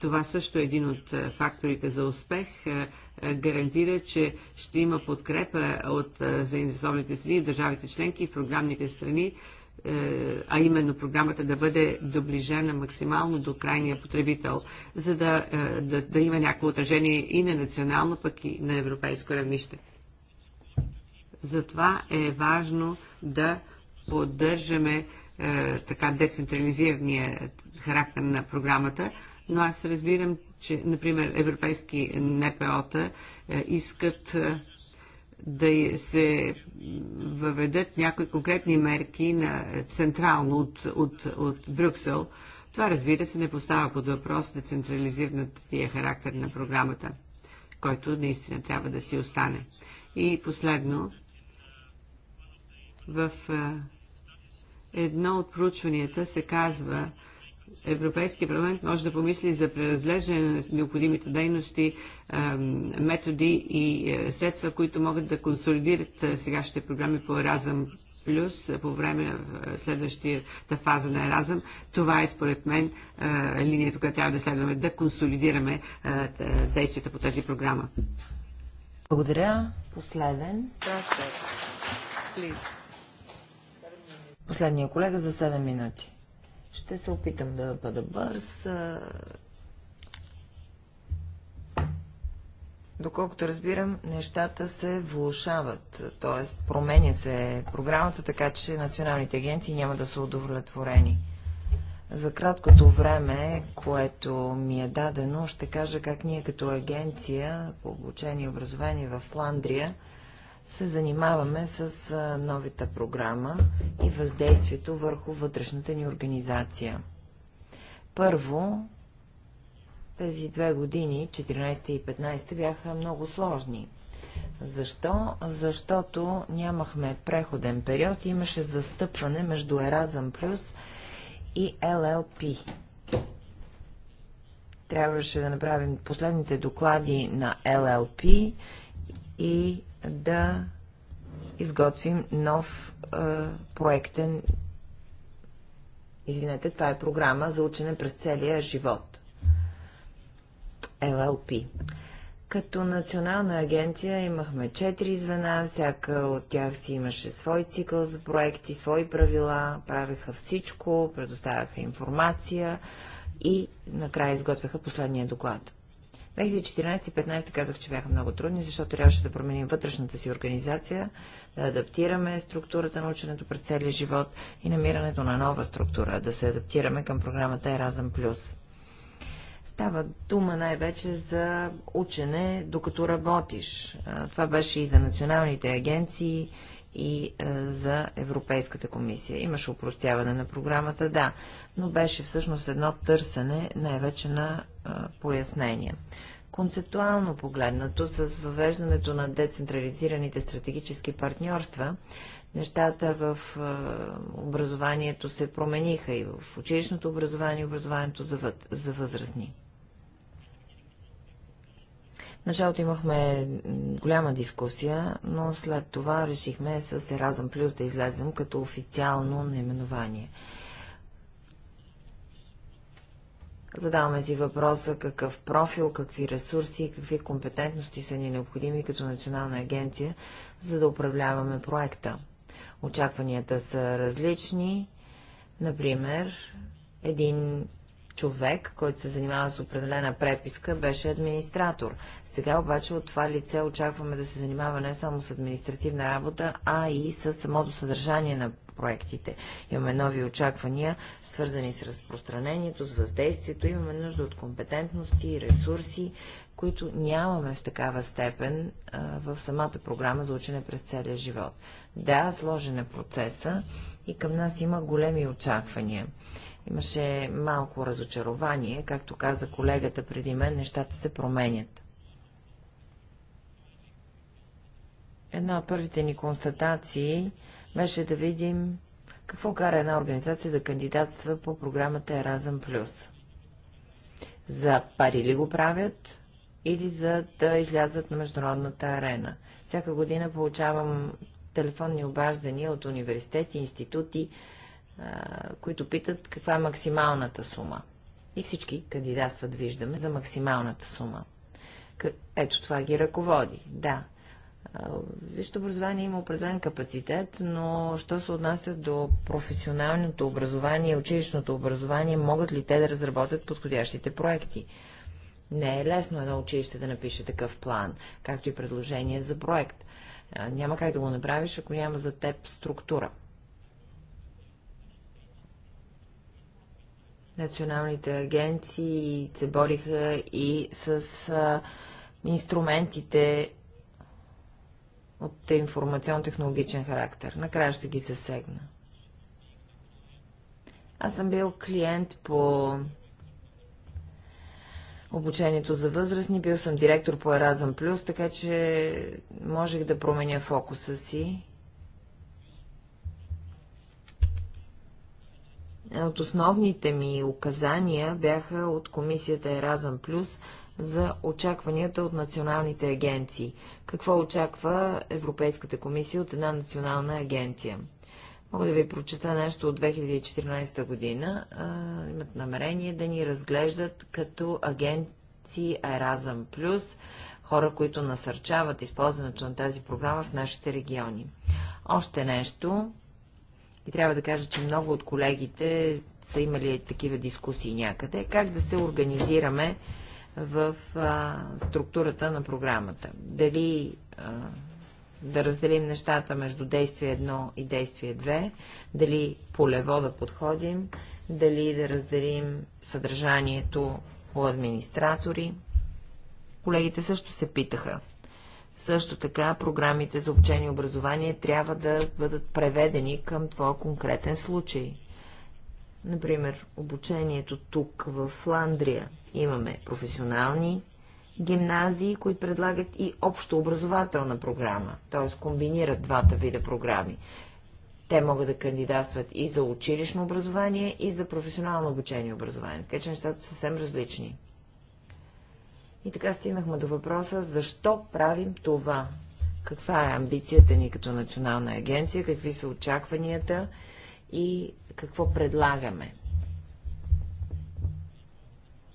Speaker 2: Това също е един от факторите за успех. Гарантира, че ще има подкрепа от заинтересованите страни, държавите членки и програмните страни, а именно програмата да бъде доближена максимално до крайния потребител, за да, да, да има някакво отражение и на национално, пък и на европейско равнище. Затова е важно да поддържаме е, така децентрализирания характер на програмата, но аз разбирам, че, например, европейски НПО-та е, искат е, да се въведат някои конкретни мерки на е, централно от, от, от Брюксел. Това, разбира се, не поставя под въпрос децентрализираната характер на програмата, който наистина трябва да си остане. И последно, в едно от проучванията се казва, Европейския парламент може да помисли за преразглеждане на необходимите дейности, методи и средства, които могат да консолидират сегашните програми по Еразъм плюс по време на следващата фаза на Еразъм. Това е според мен линията, която трябва да следваме, да консолидираме действията по тази програма.
Speaker 3: Благодаря. Последен. Please. Последния колега за 7 минути. Ще се опитам да бъда бърз. Доколкото разбирам, нещата се влушават, т.е. променя се програмата, така че националните агенции няма да са удовлетворени. За краткото време, което ми е дадено, ще кажа как ние като агенция по обучение и образование в Фландрия – се занимаваме с новата програма и въздействието върху вътрешната ни организация. Първо, тези две години, 14 и 15, бяха много сложни. Защо? Защото нямахме преходен период и имаше застъпване между Еразъм Плюс и ЛЛП. Трябваше да направим последните доклади на ЛЛП и да изготвим нов е, проектен. Извинете, това е програма за учене през целия живот. LLP. Като национална агенция имахме четири звена, всяка от тях си имаше свой цикъл за проекти, свои правила, правеха всичко, предоставяха информация и накрая изготвяха последния доклад. 2014 2015 казах, че бяха много трудни, защото трябваше да променим вътрешната си организация, да адаптираме структурата на ученето през целия живот и намирането на нова структура, да се адаптираме към програмата Еразъм Плюс. Става дума най-вече за учене, докато работиш. Това беше и за националните агенции, и е, за Европейската комисия. Имаше упростяване на програмата, да, но беше всъщност едно търсене най-вече на е, пояснения. Концептуално погледнато, с въвеждането на децентрализираните стратегически партньорства, нещата в е, образованието се промениха и в училищното образование и образованието за, за възрастни началото имахме голяма дискусия, но след това решихме с Еразъм Плюс да излезем като официално наименование. Задаваме си въпроса какъв профил, какви ресурси и какви компетентности са ни необходими като национална агенция, за да управляваме проекта. Очакванията са различни. Например, един човек, който се занимава с определена преписка, беше администратор. Сега обаче от това лице очакваме да се занимава не само с административна работа, а и с самото съдържание на проектите. Имаме нови очаквания, свързани с разпространението, с въздействието. Имаме нужда от компетентности и ресурси, които нямаме в такава степен а, в самата програма за учене през целия живот. Да, сложен е процеса и към нас има големи очаквания. Имаше малко разочарование, както каза колегата преди мен, нещата се променят. Една от първите ни констатации беше да видим какво кара една организация да кандидатства по програмата Еразъм Плюс. За пари ли го правят или за да излязат на международната арена? Всяка година получавам телефонни обаждания от университети, институти, които питат каква е максималната сума. И всички кандидатстват, виждаме, за максималната сума. Ето това ги ръководи. Да, Вижте, образование има определен капацитет, но що се отнася до професионалното образование и училищното образование, могат ли те да разработят подходящите проекти? Не е лесно едно училище да напише такъв план, както и предложение за проект. Няма как да го направиш, ако няма за теб структура. Националните агенции се бориха и с а, инструментите от информационно-технологичен характер. Накрая ще ги засегна. Аз съм бил клиент по обучението за възрастни, бил съм директор по Еразъм Плюс, така че можех да променя фокуса си от основните ми указания бяха от комисията Еразъм Плюс за очакванията от националните агенции. Какво очаква Европейската комисия от една национална агенция? Мога да ви прочета нещо от 2014 година. А, имат намерение да ни разглеждат като агенции Еразъм Плюс, хора, които насърчават използването на тази програма в нашите региони. Още нещо, и трябва да кажа, че много от колегите са имали такива дискусии някъде. Как да се организираме в а, структурата на програмата? Дали а, да разделим нещата между действие 1 и действие 2, дали полево да подходим, дали да разделим съдържанието по администратори. Колегите също се питаха също така програмите за обучение и образование трябва да бъдат преведени към твой конкретен случай. Например, обучението тук в Фландрия имаме професионални гимназии, които предлагат и общообразователна програма, т.е. комбинират двата вида програми. Те могат да кандидатстват и за училищно образование, и за професионално обучение и образование, така че нещата са съвсем различни. И така стигнахме до въпроса, защо правим това? Каква е амбицията ни като национална агенция? Какви са очакванията? И какво предлагаме?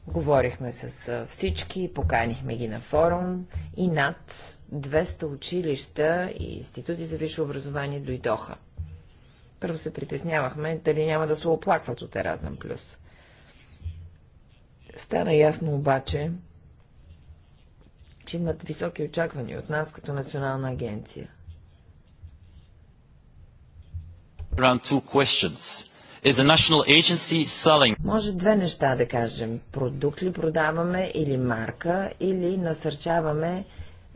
Speaker 3: Говорихме с всички, поканихме ги на форум и над 200 училища и институти за висше образование дойдоха. Първо се притеснявахме, дали няма да се оплакват от Еразъм Плюс. Стана ясно обаче, че имат високи очаквания от нас като национална агенция. Може две неща да кажем. Продукт ли продаваме или марка, или насърчаваме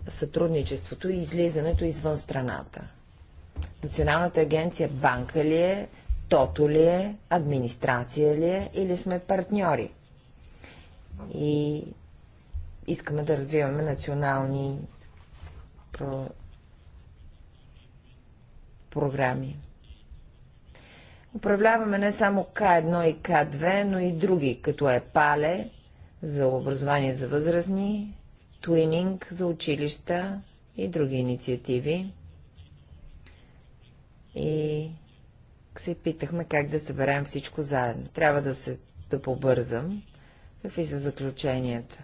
Speaker 3: сътрудничеството и излизането извън страната. Националната агенция банка ли е, тото ли е, администрация ли е, или сме партньори. И искаме да развиваме национални про... програми. Управляваме не само К1 и К2, но и други, като е ПАЛЕ за образование за възрастни, Туининг за училища и други инициативи. И се питахме как да съберем всичко заедно. Трябва да се да побързам. Какви са заключенията?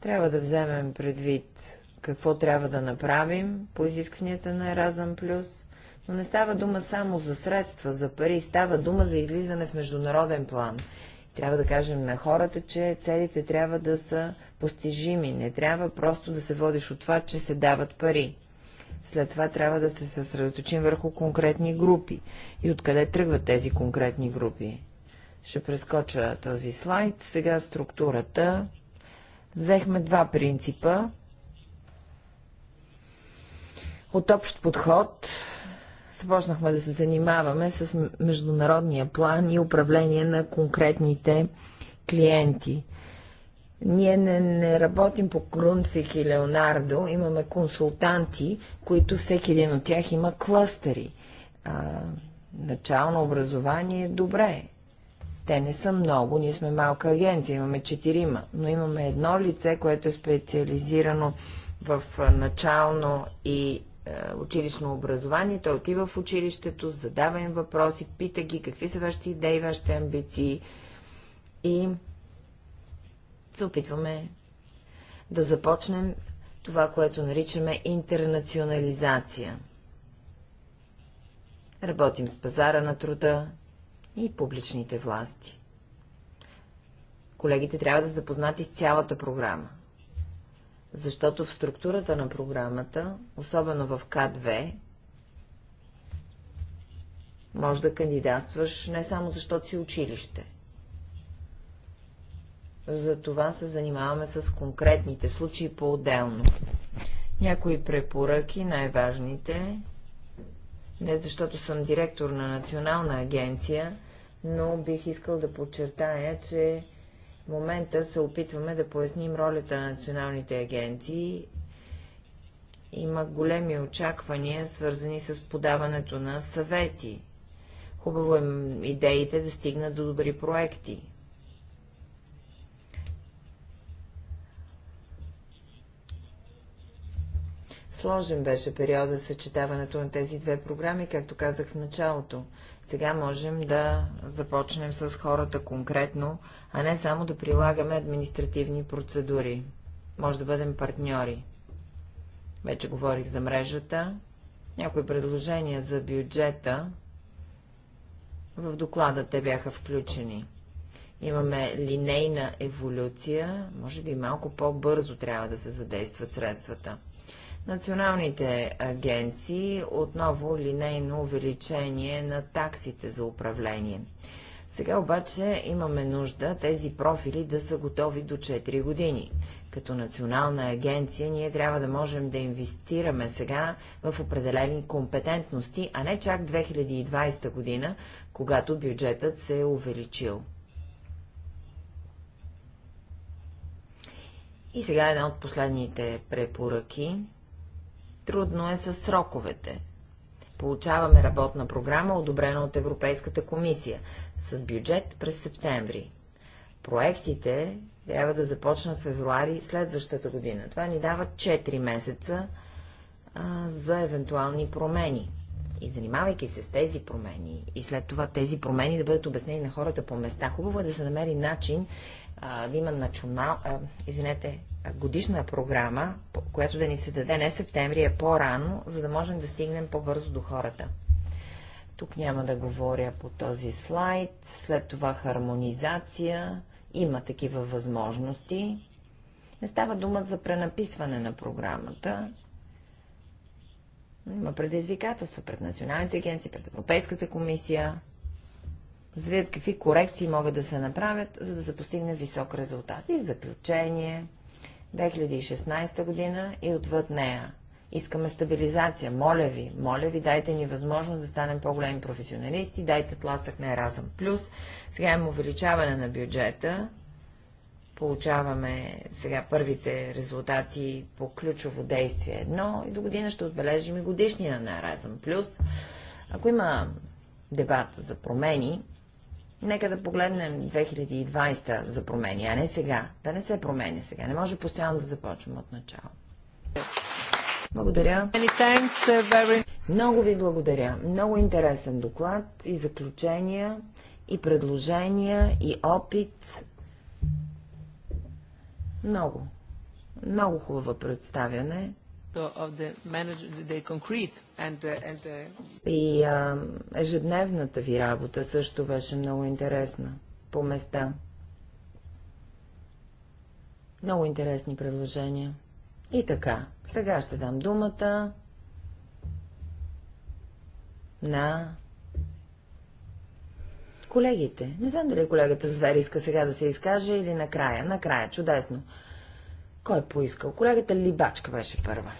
Speaker 3: Трябва да вземем предвид какво трябва да направим по изискванията на Еразъм Плюс, но не става дума само за средства, за пари, става дума за излизане в международен план. Трябва да кажем на хората, че целите трябва да са постижими, не трябва просто да се водиш от това, че се дават пари. След това трябва да се съсредоточим върху конкретни групи. И откъде тръгват тези конкретни групи? Ще прескоча този слайд. Сега структурата взехме два принципа. От общ подход започнахме да се занимаваме с международния план и управление на конкретните клиенти. Ние не, не работим по Грунтвик и Леонардо, имаме консултанти, които всеки един от тях има клъстери. А, начално образование – добре. Те не са много, ние сме малка агенция, имаме четирима, но имаме едно лице, което е специализирано в начално и училищно образование, той отива в училището, задава им въпроси, пита ги какви са вашите идеи, вашите амбиции и се опитваме да започнем това, което наричаме интернационализация. Работим с пазара на труда, и публичните власти. Колегите трябва да запознати с цялата програма, защото в структурата на програмата, особено в К2, може да кандидатстваш не само защото си училище. Затова се занимаваме с конкретните случаи по-отделно. Някои препоръки, най-важните, не защото съм директор на национална агенция, но бих искал да подчертая, че в момента се опитваме да поясним ролята на националните агенции. Има големи очаквания, свързани с подаването на съвети. Хубаво е идеите да стигнат до добри проекти. Сложен беше периода съчетаването на тези две програми, както казах в началото. Сега можем да започнем с хората конкретно, а не само да прилагаме административни процедури. Може да бъдем партньори. Вече говорих за мрежата. Някои предложения за бюджета. В доклада те бяха включени. Имаме линейна еволюция. Може би малко по-бързо трябва да се задействат средствата. Националните агенции отново линейно увеличение на таксите за управление. Сега обаче имаме нужда тези профили да са готови до 4 години. Като национална агенция ние трябва да можем да инвестираме сега в определени компетентности, а не чак 2020 година, когато бюджетът се е увеличил. И сега една от последните препоръки Трудно е с сроковете. Получаваме работна програма, одобрена от Европейската комисия, с бюджет през септември. Проектите трябва да започнат в февруари следващата година. Това ни дава 4 месеца а, за евентуални промени. И занимавайки се с тези промени и след това тези промени да бъдат обяснени на хората по места, хубаво е да се намери начин да има национал, а, извинете, годишна програма, която да ни се даде не септември, а по-рано, за да можем да стигнем по-бързо до хората. Тук няма да говоря по този слайд. След това хармонизация. Има такива възможности. Не става дума за пренаписване на програмата. Има предизвикателства пред националните агенции, пред Европейската комисия за да видят какви корекции могат да се направят, за да се постигне висок резултат. И в заключение, 2016 година и отвъд нея. Искаме стабилизация. Моля ви, моля ви, дайте ни възможност да станем по-големи професионалисти, дайте тласък на Еразъм Плюс. Сега имаме увеличаване на бюджета, получаваме сега първите резултати по ключово действие едно и до година ще отбележим и годишния на Еразъм Плюс. Ако има дебат за промени, Нека да погледнем 2020 за промени, а не сега. Да не се променя сега. Не може постоянно да започваме от начало. Благодаря. Uh, Много ви благодаря. Много интересен доклад и заключения, и предложения, и опит. Много. Много хубаво представяне.
Speaker 2: Uh, uh,
Speaker 3: И ежедневната ви работа също беше много интересна по места. Много интересни предложения. И така, сега ще дам думата на колегите. Не знам дали колегата Звер иска сега да се изкаже или накрая. Накрая, чудесно. Кой е поискал? Колегата Либачка беше първа.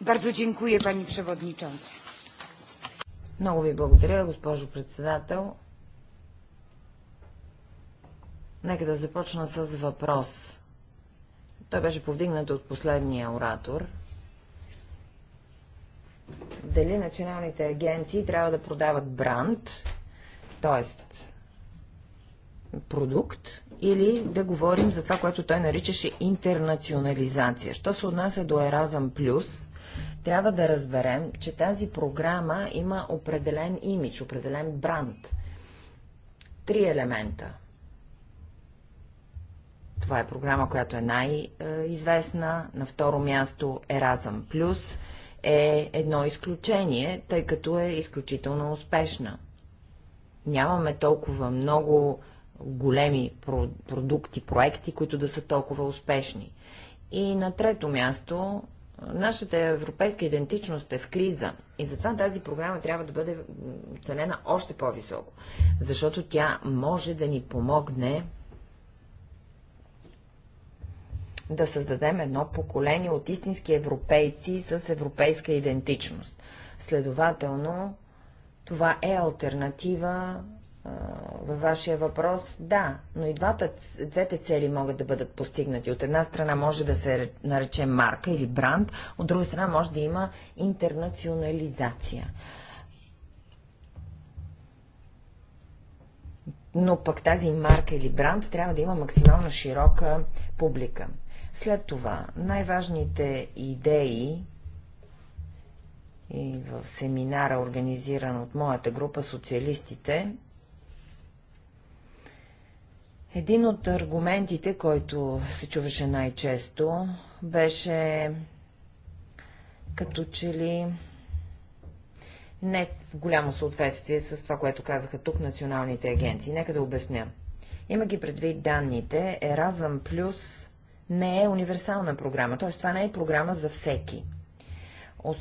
Speaker 3: Бързо dziękuję, пани przewodnicząca. Много ви благодаря, госпожо председател. Нека да започна с въпрос. Той беше повдигнат от последния оратор. Дали националните агенции трябва да продават бранд, т.е продукт или да говорим за това, което той наричаше интернационализация. Що се отнася до Еразъм Плюс, трябва да разберем, че тази програма има определен имидж, определен бранд. Три елемента. Това е програма, която е най-известна. На второ място Еразъм Плюс е едно изключение, тъй като е изключително успешна. Нямаме толкова много големи продукти, проекти, които да са толкова успешни. И на трето място, нашата европейска идентичност е в криза и затова тази програма трябва да бъде оценена още по-високо, защото тя може да ни помогне да създадем едно поколение от истински европейци с европейска идентичност. Следователно, това е альтернатива във вашия въпрос, да, но и двата, двете цели могат да бъдат постигнати. От една страна може да се нарече марка или бранд, от друга страна може да има интернационализация. Но пък тази марка или бранд трябва да има максимално широка публика. След това, най-важните идеи и в семинара, организиран от моята група социалистите, един от аргументите, който се чуваше най-често, беше като че ли не в голямо съответствие с това, което казаха тук националните агенции. Нека да обясня. Има ги предвид данните, Еразъм Плюс не е универсална програма, т.е. това не е програма за всеки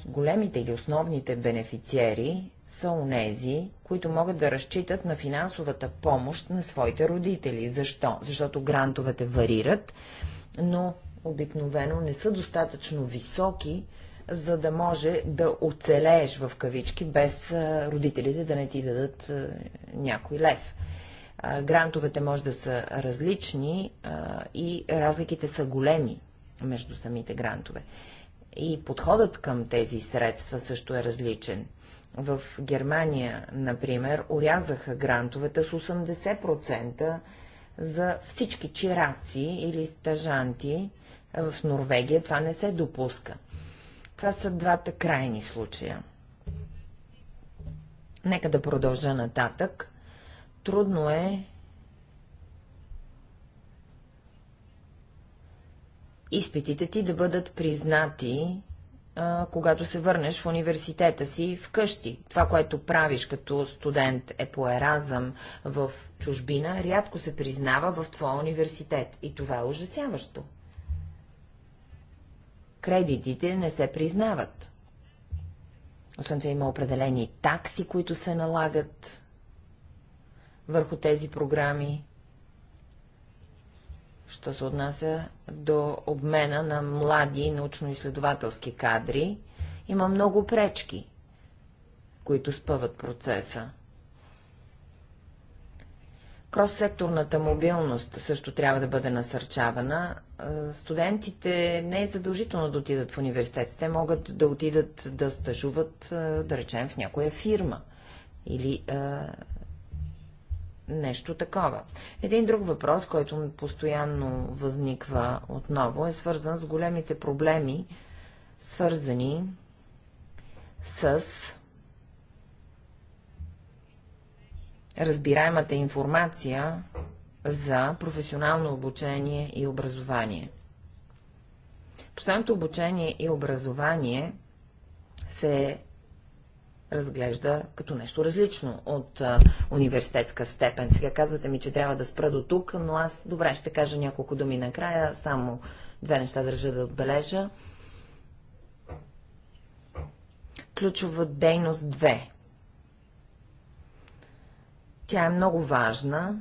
Speaker 3: големите или основните бенефициери са онези, които могат да разчитат на финансовата помощ на своите родители. Защо? Защото грантовете варират, но обикновено не са достатъчно високи, за да може да оцелееш в кавички, без родителите да не ти дадат някой лев. Грантовете може да са различни и разликите са големи между самите грантове и подходът към тези средства също е различен. В Германия, например, урязаха грантовете с 80% за всички чираци или стажанти. В Норвегия това не се допуска. Това са двата крайни случая. Нека да продължа нататък. Трудно е изпитите ти да бъдат признати, а, когато се върнеш в университета си вкъщи. Това, което правиш като студент е по еразъм в чужбина, рядко се признава в твоя университет. И това е ужасяващо. Кредитите не се признават. Освен това има определени такси, които се налагат върху тези програми що се отнася до обмена на млади научно-изследователски кадри, има много пречки, които спъват процеса. Кроссекторната мобилност също трябва да бъде насърчавана. Студентите не е задължително да отидат в университет. Те могат да отидат да стажуват, да речем, в някоя фирма или нещо такова. Един друг въпрос, който постоянно възниква отново, е свързан с големите проблеми, свързани с разбираемата информация за професионално обучение и образование. Последното обучение и образование се разглежда като нещо различно от а, университетска степен. Сега казвате ми, че трябва да спра до тук, но аз добре ще кажа няколко думи накрая. Само две неща държа да отбележа. Ключова дейност 2. Тя е много важна,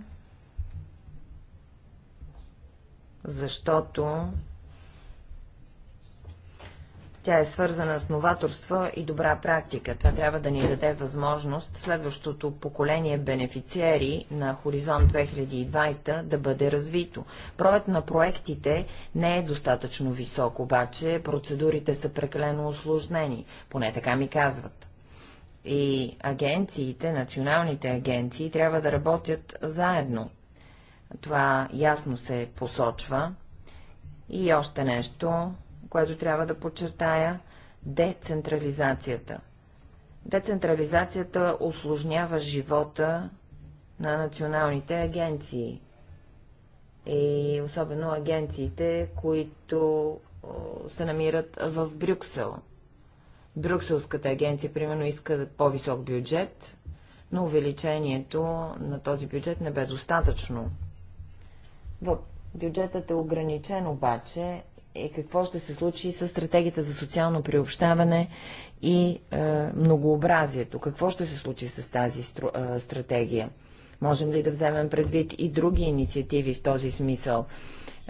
Speaker 3: защото тя е свързана с новаторство и добра практика. Това трябва да ни даде възможност следващото поколение бенефициери на Хоризонт 2020 да бъде развито. Проект на проектите не е достатъчно висок, обаче процедурите са прекалено осложнени, поне така ми казват. И агенциите, националните агенции, трябва да работят заедно. Това ясно се посочва. И още нещо което трябва да подчертая – децентрализацията. Децентрализацията осложнява живота на националните агенции. И особено агенциите, които се намират в Брюксел. Брюкселската агенция, примерно, иска по-висок бюджет, но увеличението на този бюджет не бе достатъчно. Бюджетът е ограничен обаче е какво ще се случи с стратегията за социално приобщаване и е, многообразието. Какво ще се случи с тази стру, е, стратегия? Можем ли да вземем предвид и други инициативи в този смисъл?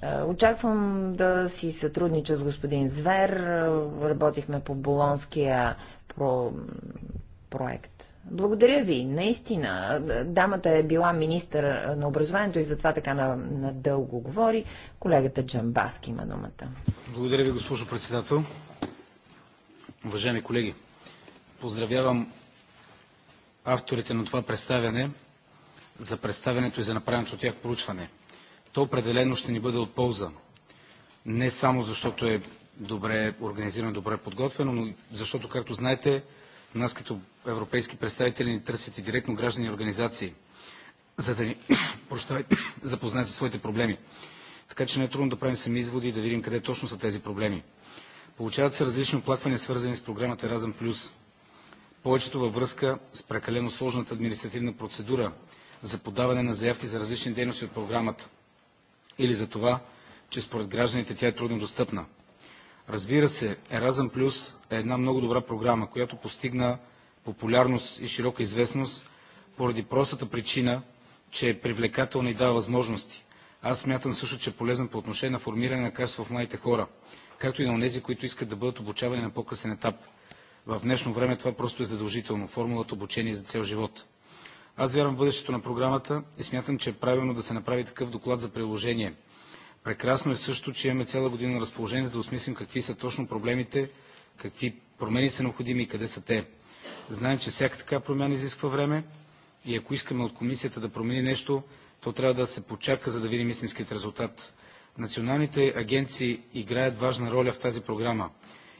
Speaker 3: Е, очаквам да си сътруднича с господин Звер. Е, работихме по Болонския про... проект. Благодаря ви. Наистина, дамата е била министър на образованието и затова така надълго на говори. Колегата Джамбаски има
Speaker 4: думата. Благодаря ви, госпожо председател. Уважаеми колеги, поздравявам авторите на това представяне за представянето и за направеното от тях проучване. То определено ще ни бъде от полза. Не само защото е добре организирано, добре подготвено, но защото, както знаете, нас като европейски представители ни търсят и директно граждани и организации, за да ни запознаят със своите проблеми. Така че не е трудно да правим сами изводи и да видим къде точно са тези проблеми. Получават се различни оплаквания, свързани с програмата Еразъм Плюс. Повечето във връзка с прекалено сложната административна процедура за подаване на заявки за различни дейности от програмата или за това, че според гражданите тя е трудно достъпна. Разбира се, Еразъм Плюс е една много добра програма, която постигна популярност и широка известност поради простата причина, че е привлекателна и дава възможности. Аз смятам също, че е полезен по отношение на формиране на качество в младите хора, както и на тези, които искат да бъдат обучавани на по-късен етап. В днешно време това просто е задължително. Формулата обучение за цел живот. Аз вярвам в бъдещето на програмата и смятам, че е правилно да се направи такъв доклад за приложение – Прекрасно е също, че имаме цяла година на разположение, за да осмислим какви са точно проблемите, какви промени са необходими и къде са те. Знаем, че всяка така промяна изисква време и ако искаме от комисията да промени нещо, то трябва да се почака, за да видим истинският резултат. Националните агенции играят важна роля в тази програма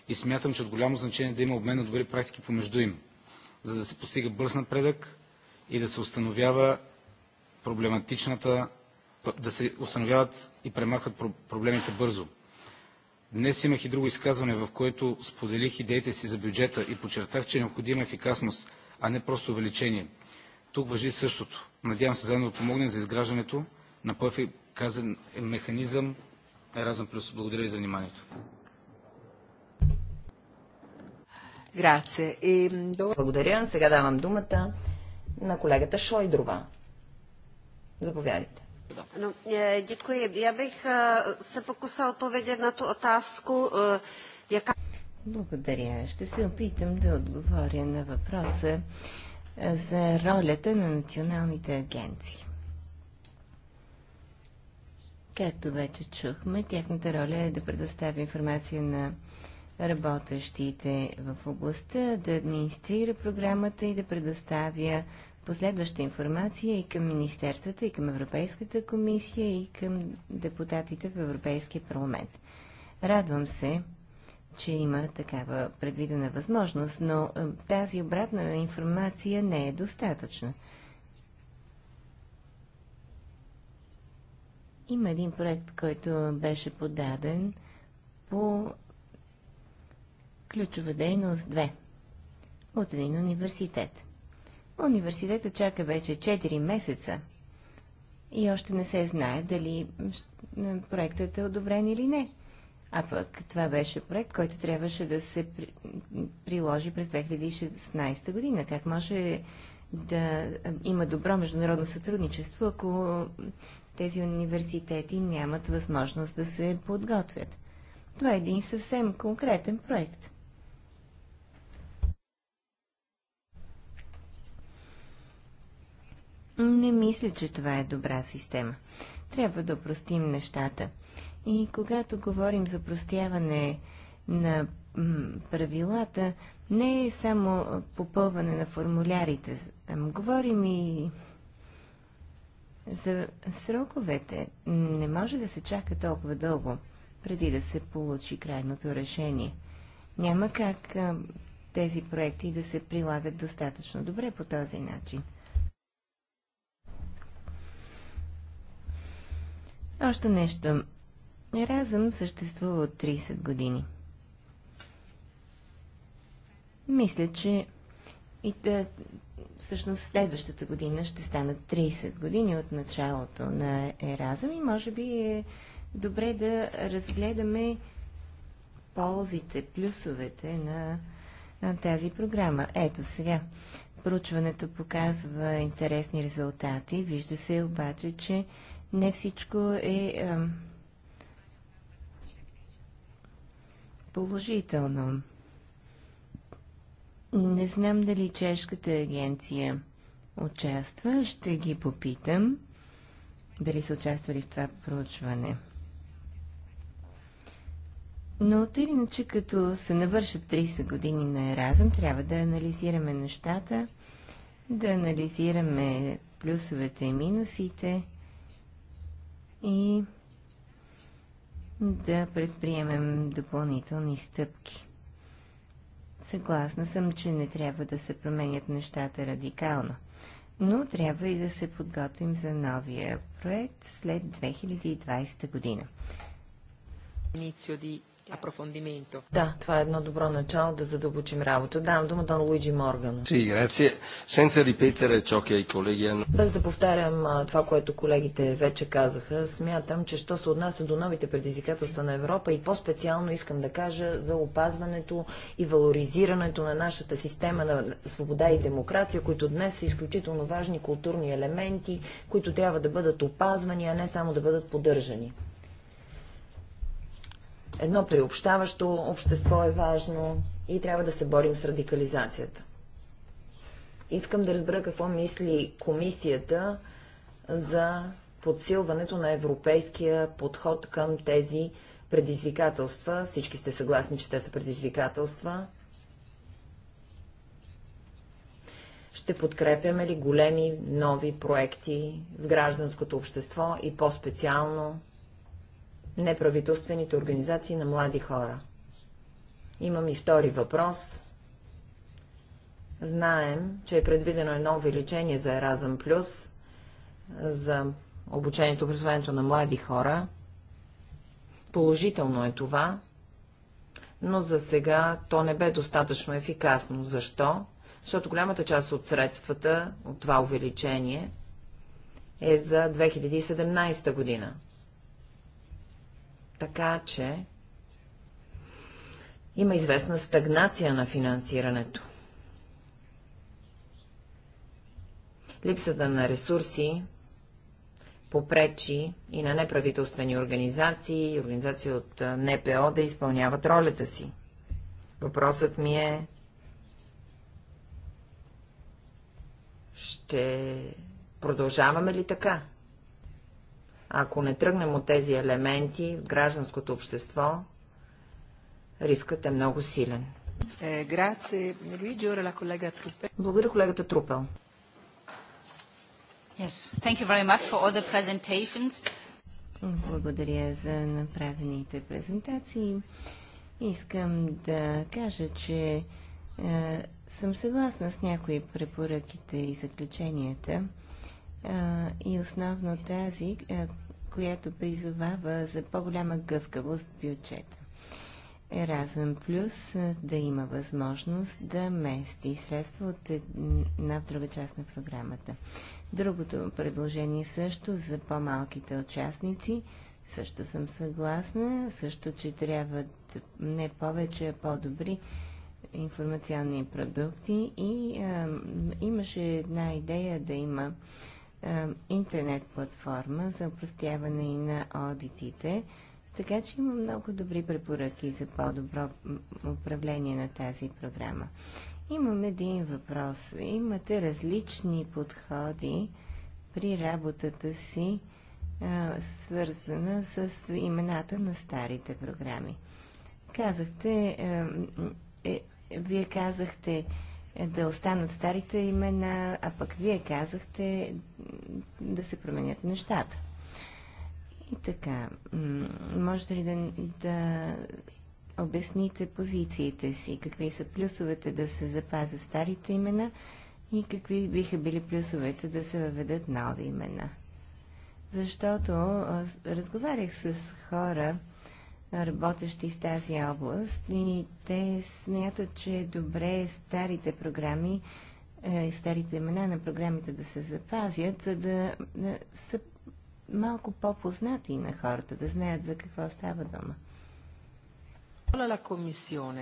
Speaker 4: и смятам, че от голямо значение е да има обмен на добри практики помежду им, за да се постига бърз напредък и да се установява проблематичната да се установяват и премахват проблемите бързо. Днес имах и друго изказване, в което споделих идеите си за бюджета и подчертах, че е необходима ефикасност, а не просто увеличение. Тук въжи същото. Надявам се заедно да помогнем за изграждането на по-ефикасен е, механизъм Еразъм Плюс. Благодаря ви за вниманието.
Speaker 3: Благодаря. Сега давам думата на колегата Шойдрова. Заповядайте děkuji. Já bych eh, se pokusila odpovědět na tu otázku, eh, jaká...
Speaker 1: Благодаря. Ще се опитам да отговоря на въпроса е, за ролята на националните агенции. Както вече чухме, тяхната роля е да предоставя информация на работещите в областта, да администрира програмата и да предоставя последваща информация и към Министерствата, и към Европейската комисия, и към депутатите в Европейския парламент. Радвам се, че има такава предвидена възможност, но е, тази обратна информация не е достатъчна. Има един проект, който беше подаден по ключова дейност 2 от един университет – Университета чака вече 4 месеца и още не се знае дали проектът е одобрен или не. А пък това беше проект, който трябваше да се при... приложи през 2016 година. Как може да има добро международно сътрудничество, ако тези университети нямат възможност да се подготвят? Това е един съвсем конкретен проект. Не мисля, че това е добра система. Трябва да простим нещата. И когато говорим за простяване на правилата, не е само попълване на формулярите. Говорим и за сроковете. Не може да се чака толкова дълго, преди да се получи крайното решение. Няма как тези проекти да се прилагат достатъчно добре по този начин. Още нещо. Разъм съществува от 30 години. Мисля, че и да, всъщност следващата година ще станат 30 години от началото на Еразъм и може би е добре да разгледаме ползите, плюсовете на, на тази програма. Ето сега. Проучването показва интересни резултати. Вижда се обаче, че не всичко е положително. Не знам дали чешката агенция участва. Ще ги попитам дали са участвали в това проучване. Но тъй иначе, като се навършат 30 години на Еразъм, трябва да анализираме нещата, да анализираме плюсовете и минусите – и да предприемем допълнителни стъпки. Съгласна съм, че не трябва да се променят нещата радикално, но трябва и да се подготвим
Speaker 3: за новия проект след 2020 година. Да, това е едно добро начало да задълбочим работа. Давам думата на Луиджи Морган. Без да повтарям това, което колегите вече казаха, смятам, че що се отнася до новите предизвикателства на Европа и по-специално искам да кажа за опазването и валоризирането на нашата система на свобода и демокрация, които днес са изключително важни културни елементи, които трябва да бъдат опазвани, а не само да бъдат поддържани. Едно приобщаващо общество е важно и трябва да се борим с радикализацията. Искам да разбера какво мисли комисията за подсилването на европейския подход към тези предизвикателства. Всички сте съгласни, че те са предизвикателства. Ще подкрепяме ли големи нови проекти в гражданското общество и по-специално неправителствените организации на млади хора. Имам и втори въпрос. Знаем, че е предвидено едно увеличение за Еразъм Плюс, за обучението, образованието на млади хора. Положително е това, но за сега то не бе достатъчно ефикасно. Защо? Защото голямата част от средствата от това увеличение е за 2017 година. Така че има известна стагнация на финансирането. Липсата на ресурси попречи и на неправителствени организации, и организации от НПО да изпълняват ролята си. Въпросът ми е, ще продължаваме ли така? Ако не тръгнем от тези елементи в гражданското общество, рискът е много силен. Е, Благодаря колегата Трупел.
Speaker 1: Благодаря за направените презентации. Искам да кажа, че е, съм съгласна с някои препоръките и заключенията а, и основно тази, а, която призовава за по-голяма гъвкавост в бюджета. Еразъм Плюс да има възможност да мести средства от една в друга част на програмата. Другото предложение също за по-малките участници. Също съм съгласна, също, че трябват не повече, а по-добри информационни продукти и а, имаше една идея да има е, интернет платформа за упростяване и на аудитите, така че има много добри препоръки за по-добро управление на тази програма. Имам един въпрос. Имате различни подходи при работата си, е, свързана с имената на старите програми. Казахте, е, е вие казахте, е да останат старите имена, а пък вие казахте да се променят нещата. И така, можете ли да, да обясните позициите си? Какви са плюсовете да се запазят старите имена и какви биха били плюсовете да се въведат нови имена? Защото разговарях с хора, работещи в тази област и те смятат, че е добре старите програми и е, старите имена на програмите да се запазят, за да, са малко по-познати на хората, да знаят за какво става дума.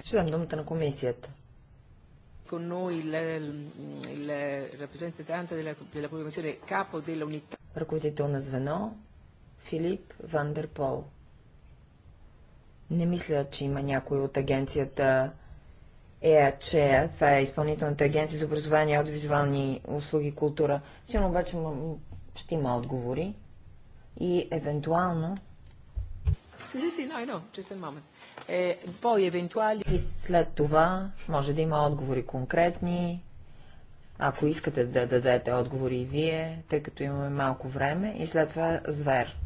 Speaker 3: Ще дам думата на комисията. Ръководител на звено Филип Вандерпол. Пол. Не мисля, че има някой от агенцията ЕАЧЕА, това е изпълнителната агенция за образование, аудиовизуални услуги, култура. Сигурно обаче ще има отговори и евентуално... Е, и след това може да има отговори конкретни, ако искате да дадете отговори и вие, тъй като имаме малко време, и след това звер.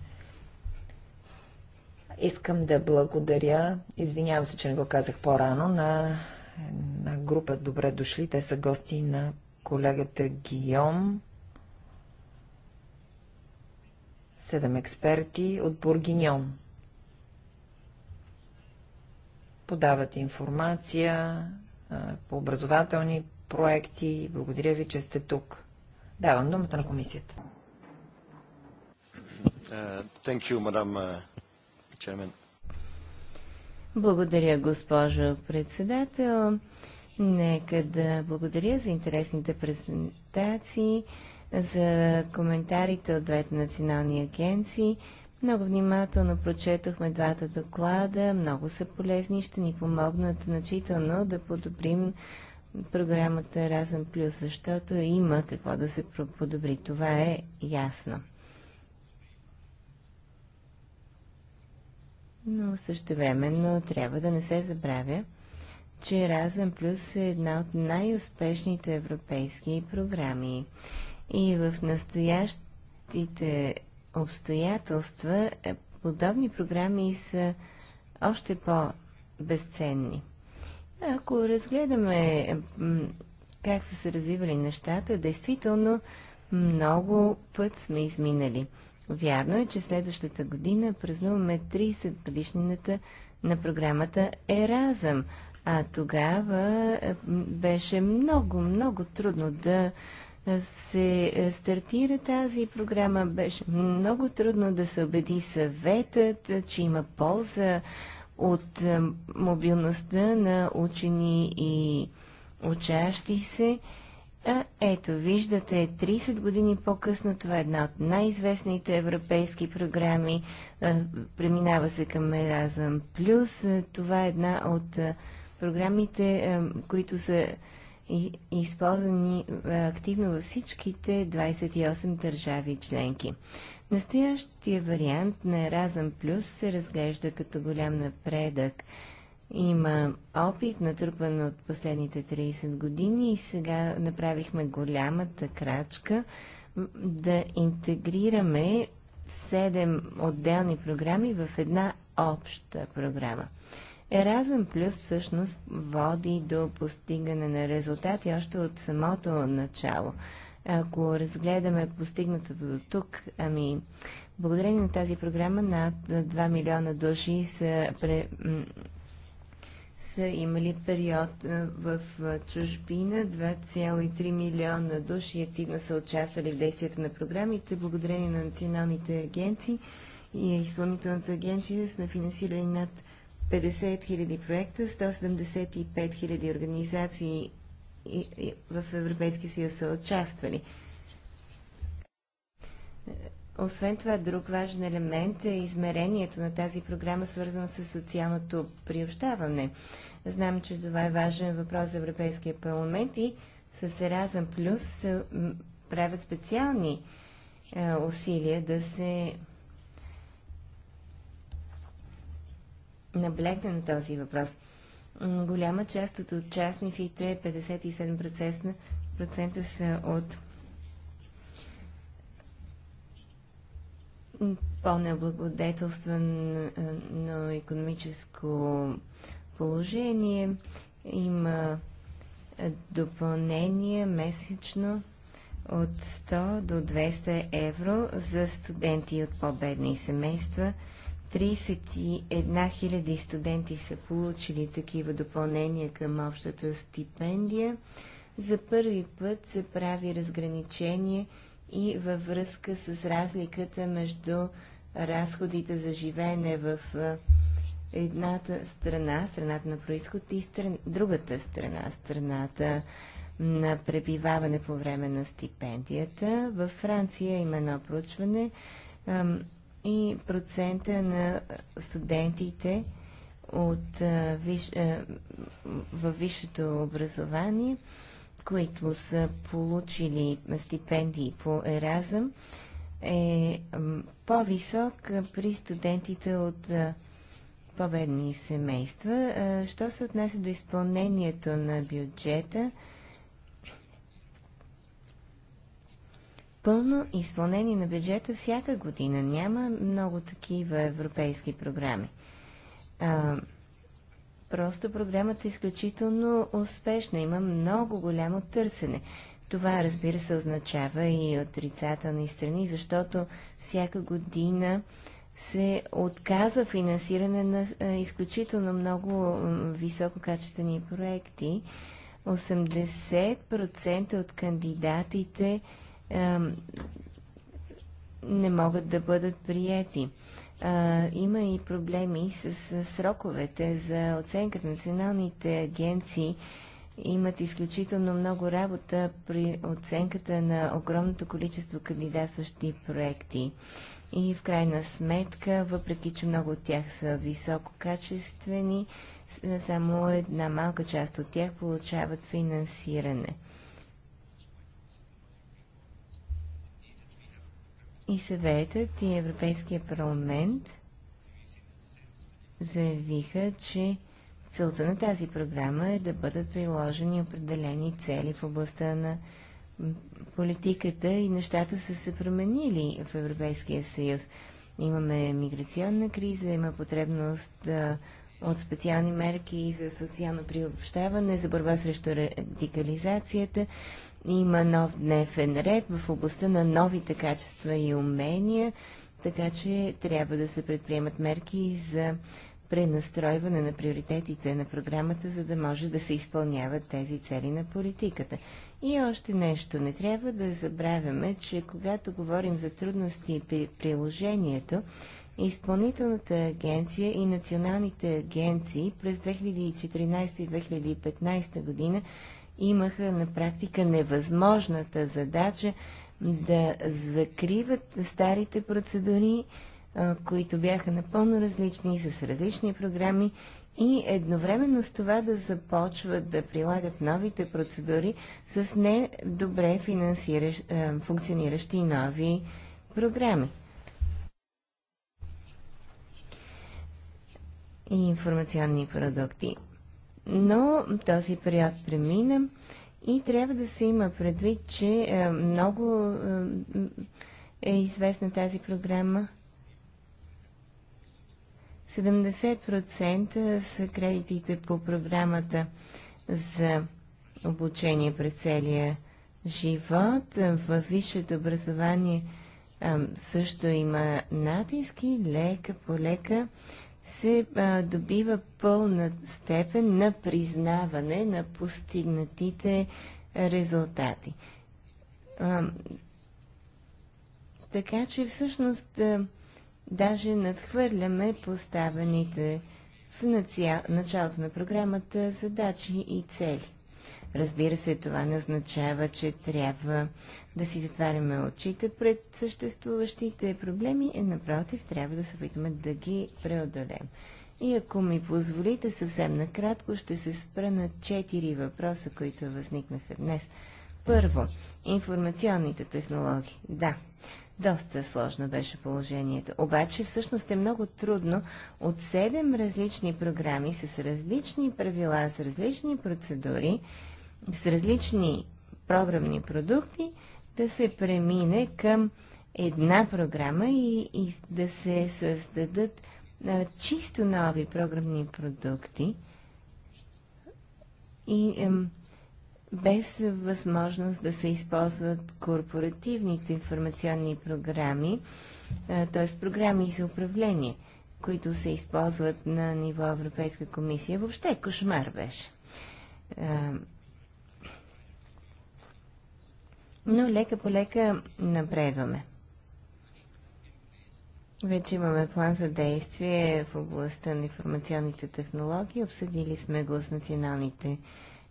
Speaker 3: Искам да благодаря, извинявам се, че не го казах по-рано, на на група добре дошли. Те са гости на колегата Гийом. Седем експерти от Бургиньон. Подават информация по образователни проекти. Благодаря ви, че сте тук. Давам думата на комисията.
Speaker 4: Uh, thank you, madam, uh...
Speaker 1: Благодаря, госпожо председател. Нека да благодаря за интересните презентации, за коментарите от двете национални агенции. Много внимателно прочетохме двата доклада, много са полезни и ще ни помогнат значително да подобрим програмата Разъм Плюс, защото има какво да се подобри. Това е ясно. но също времено трябва да не се забравя, че Разъм Плюс е една от най-успешните европейски програми и в настоящите обстоятелства е, подобни програми са още по-безценни. Ако разгледаме как са се развивали нещата, действително много път сме изминали. Вярно е, че следващата година празнуваме 30 годишнината на програмата Еразъм, а тогава е, беше много, много трудно да е, се е, стартира тази програма. Беше много трудно да се убеди съветът, че има полза от мобилността на учени и учащи се. А ето, виждате, 30 години по-късно това е една от най-известните европейски програми. Преминава се към Еразъм Плюс. Това е една от програмите, които са използвани активно във всичките 28 държави членки. Настоящия вариант на Еразъм Плюс се разглежда като голям напредък – има опит, натрупан от последните 30 години и сега направихме голямата крачка да интегрираме 7 отделни програми в една обща програма. Еразъм плюс всъщност води до постигане на резултати още от самото начало. Ако разгледаме постигнатото до тук, ами, благодарение на тази програма над 2 милиона души са пре, са имали период в чужбина. 2,3 милиона души активно са участвали в действията на програмите. Благодарение на националните агенции и изпълнителната агенция сме финансирали над 50 000 проекта, 175 000 организации в Европейския съюз са участвали. Освен това, друг важен елемент е измерението на тази програма, свързано с социалното приобщаване. Знам, че това е важен въпрос за Европейския парламент и с Еразъм Плюс се правят специални е, усилия да се наблегне на този въпрос. Голяма част от участниците, 57% са от по-неблагодетелствено економическо положение. Има допълнение месечно от 100 до 200 евро за студенти от по-бедни семейства. 31 000 студенти са получили такива допълнения към общата стипендия. За първи път се прави разграничение – и във връзка с разликата между разходите за живеене в едната страна, страната на происход и стран... другата страна, страната на пребиваване по време на стипендията. Във Франция има едно проучване и процента на студентите от, виш, във висшето образование – които са получили стипендии по Еразъм, е по-висок при студентите от победни семейства. Що се отнася до изпълнението на бюджета, пълно изпълнение на бюджета всяка година. Няма много такива европейски програми. Просто програмата е изключително успешна. Има много голямо търсене. Това, разбира се, означава и отрицателни страни, защото всяка година се отказва финансиране на е, изключително много висококачествени проекти. 80% от кандидатите не могат да бъдат приети а, има и проблеми с, с сроковете за оценката. Националните агенции имат изключително много работа при оценката на огромното количество кандидатстващи проекти. И в крайна сметка, въпреки че много от тях са висококачествени, само една малка част от тях получават финансиране. и съветът и Европейския парламент заявиха, че целта на тази програма е да бъдат приложени определени цели в областта на политиката и нещата са се променили в Европейския съюз. Имаме миграционна криза, има потребност от специални мерки за социално приобщаване, за борба срещу радикализацията има нов дневен ред в областта на новите качества и умения, така че трябва да се предприемат мерки за пренастройване на приоритетите на програмата, за да може да се изпълняват тези цели на политиката. И още нещо. Не трябва да забравяме, че когато говорим за трудности при приложението, Изпълнителната агенция и националните агенции през 2014 и 2015 година имаха на практика невъзможната задача да закриват старите процедури, които бяха напълно различни, с различни програми и едновременно с това да започват да прилагат новите процедури с недобре функциониращи нови програми. И информационни продукти. Но този период премина и трябва да се има предвид, че е, много е, е, известна тази програма. 70% са кредитите по програмата за обучение през целия живот. В висшето образование също има натиски, лека по лека се а, добива пълна степен на признаване на постигнатите резултати. А, така че всъщност а, даже надхвърляме поставените в началото на програмата задачи и цели. Разбира се, това не означава, че трябва да си затваряме очите пред съществуващите проблеми. Е, напротив, трябва да се опитаме да ги преодолеем. И ако ми позволите, съвсем накратко ще се спра на четири въпроса, които възникнаха днес. Първо, информационните технологии. Да, доста сложно беше положението. Обаче всъщност е много трудно от седем различни програми с различни правила, с различни процедури с различни програмни продукти да се премине към една програма и, и да се създадат а, чисто нови програмни продукти и ем, без възможност да се използват корпоративните информационни програми, т.е. програми за управление, които се използват на ниво Европейска комисия. Въобще кошмар беше. Ем, но лека по лека напредваме. Вече имаме план за действие в областта на информационните технологии. Обсъдили сме го с националните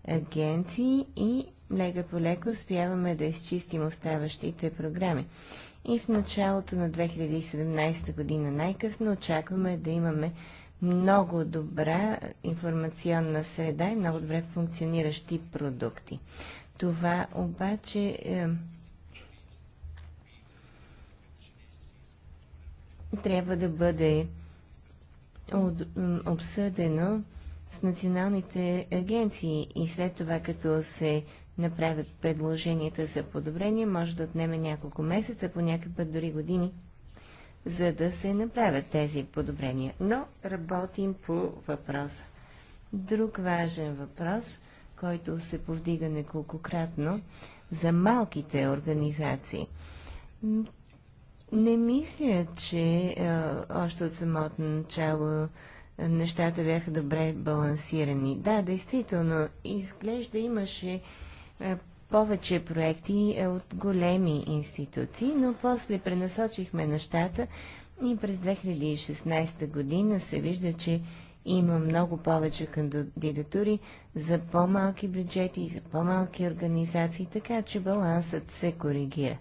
Speaker 1: агенции и лека по лека успяваме да изчистим оставащите програми. И в началото на 2017 година най-късно очакваме да имаме много добра информационна среда и много добре функциониращи продукти. Това обаче е, трябва да бъде обсъдено с националните агенции и след това, като се направят предложенията за подобрение, може да отнеме няколко месеца, по някакъв път дори години, за да се направят тези подобрения. Но работим по въпроса. Друг важен въпрос – който се повдига неколкократно за малките организации. Не мисля, че още от самото начало нещата бяха добре балансирани. Да, действително, изглежда имаше повече проекти от големи институции, но после пренасочихме нещата и през 2016 година се вижда, че има много повече кандидатури за по-малки бюджети и за по-малки организации, така че балансът се коригира.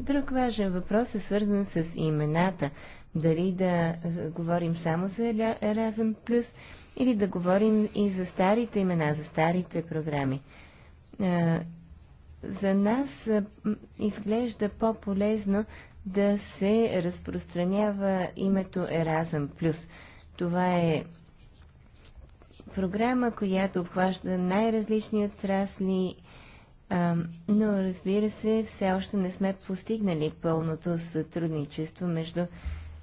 Speaker 1: Друг важен въпрос е свързан с имената. Дали да е, говорим само за Еразъм Плюс или да говорим и за старите имена, за старите програми. Е, за нас е, изглежда по-полезно да се разпространява името Еразъм Плюс – това е програма, която обхваща най-различни отрасли, но разбира се, все още не сме постигнали пълното сътрудничество между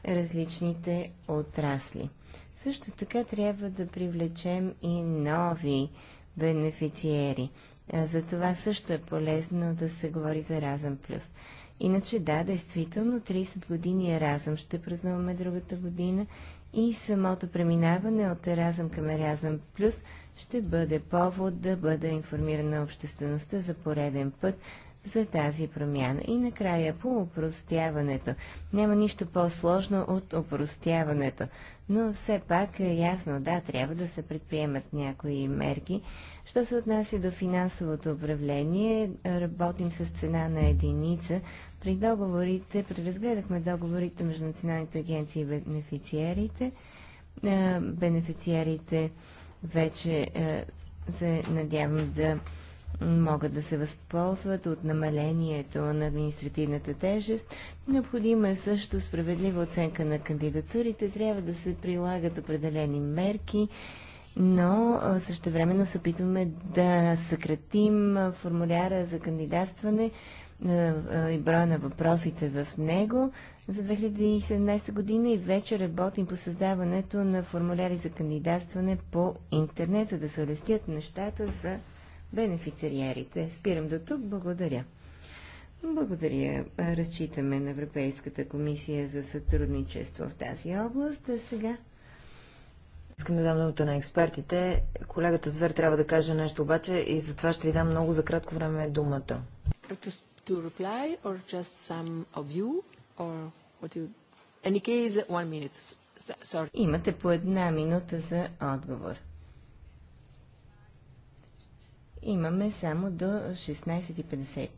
Speaker 1: различните отрасли. Също така трябва да привлечем и нови бенефициери. За това също е полезно да се говори за Разъм Плюс. Иначе да, действително 30 години е Разъм. Ще празнуваме другата година и самото преминаване от Еразъм към Еразъм Плюс ще бъде повод да бъде информирана обществеността за пореден път за тази промяна. И накрая по упростяването. Няма нищо по-сложно от упростяването. Но все пак е ясно, да, трябва да се предприемат някои мерки. Що се отнася до финансовото управление, работим с цена на единица, при договорите, преразгледахме договорите между националните агенции и бенефициерите. Бенефициерите вече се надявам да могат да се възползват от намалението на административната тежест. Необходима е също справедлива оценка на кандидатурите. Трябва да се прилагат определени мерки, но същевременно се опитваме да съкратим формуляра за кандидатстване е, е, и броя на въпросите в него за 2017 година и вече работим по създаването на формуляри за кандидатстване по интернет, за да се улеснят нещата за бенефициарите. Спирам до тук. Благодаря. Благодаря. Разчитаме на Европейската комисия за сътрудничество в тази област. А сега
Speaker 3: Искам да дам думата на експертите. Колегата Звер трябва да каже нещо обаче и затова ще ви дам много за кратко време думата
Speaker 1: to reply or just some of you or what you... Any case, one minute. Sorry. Имате
Speaker 3: по една
Speaker 1: минута за отговор. Имаме само до 16.55.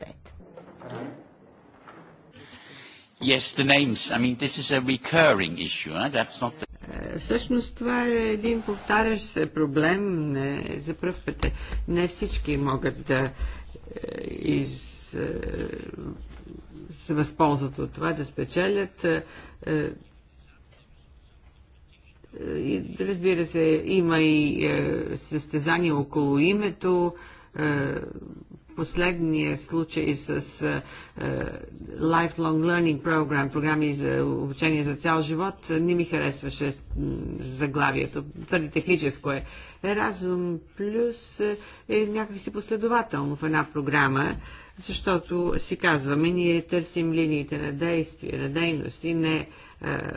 Speaker 4: Yes, the names. I mean, this is a recurring issue. Eh? That's not the...
Speaker 2: Всъщност това е един повтарящ се проблем не, за пръв път. Не всички могат да из се възползват от това, да спечелят. Е, е, и, разбира се, има и е, състезания около името. Последния случай с Lifelong Learning Program, програми за обучение за цял живот, не ми харесваше заглавието. Твърде техническо е. Разум плюс е някакси последователно в една програма защото си казваме, ние търсим линиите на действие, на дейности, не а, е,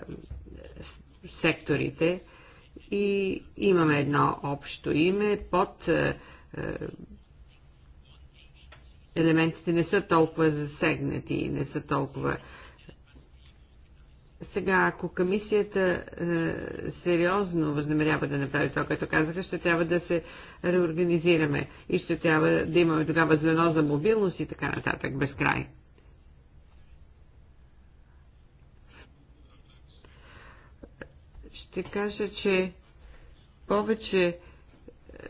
Speaker 2: секторите и имаме едно общо име под а, е, е, елементите не са толкова засегнати, не са толкова сега, ако комисията е, сериозно възнамерява да направи това, което казаха, ще трябва да се реорганизираме и ще трябва да имаме тогава звено за мобилност и така нататък, без край. Ще кажа, че повече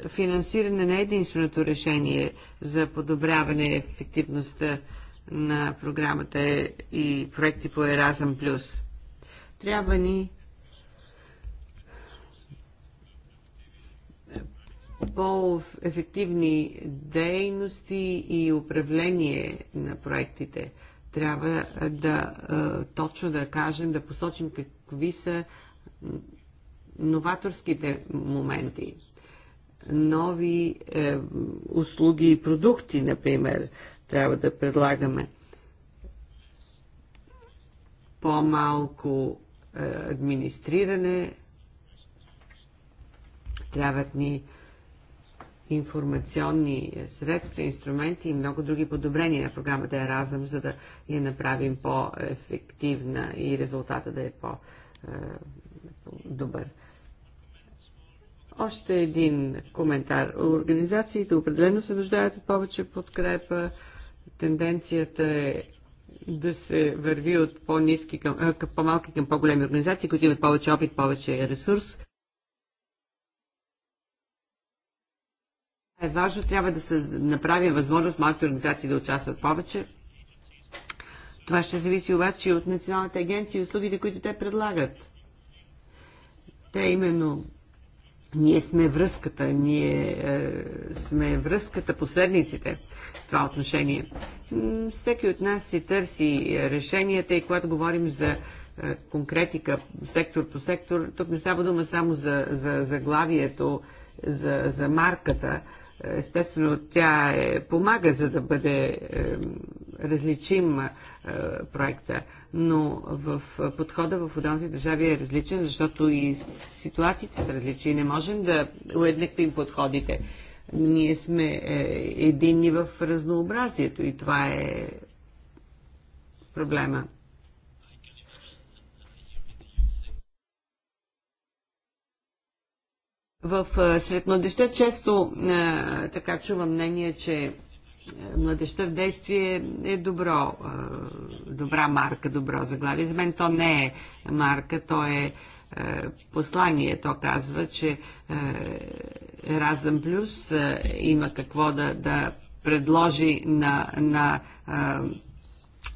Speaker 2: финансиране не е единственото решение за подобряване ефективността на програмата и проекти по Еразъм Плюс. Трябва ни по-ефективни дейности и управление на проектите. Трябва да точно да кажем, да посочим какви са новаторските моменти. Нови е, услуги и продукти, например, трябва да предлагаме. По-малко е, администриране. Трябват ни информационни средства, инструменти и много други подобрения на програмата Еразъм, за да я направим по-ефективна и резултата да е, е по-добър. Още един коментар. Организациите определено се нуждаят от повече подкрепа. Тенденцията е да се върви от по-низки към, към по-малки към по-големи организации, които имат повече опит, повече ресурс. Е важно, трябва да се направи възможност малките организации да участват повече. Това ще зависи обаче и от националните агенции и услугите, които те предлагат. Те именно ние сме връзката, ние е, сме връзката, посредниците в това отношение. Всеки от нас си търси решенията и когато говорим за е, конкретика, сектор по сектор, тук не става дума само за, за заглавието, за, за марката, Естествено, тя е, помага за да бъде е, различим е, проекта, но в подхода в отделните държави е различен, защото и ситуациите са различни и не можем да уеднаквим подходите. Ние сме е, единни в разнообразието и това е проблема. В, сред младеща често така чувам мнение, че младеща в действие е добро, добра марка, добро заглавие. За мен то не е марка, то е, е послание. То казва, че Разъм Плюс има какво да, да предложи на, на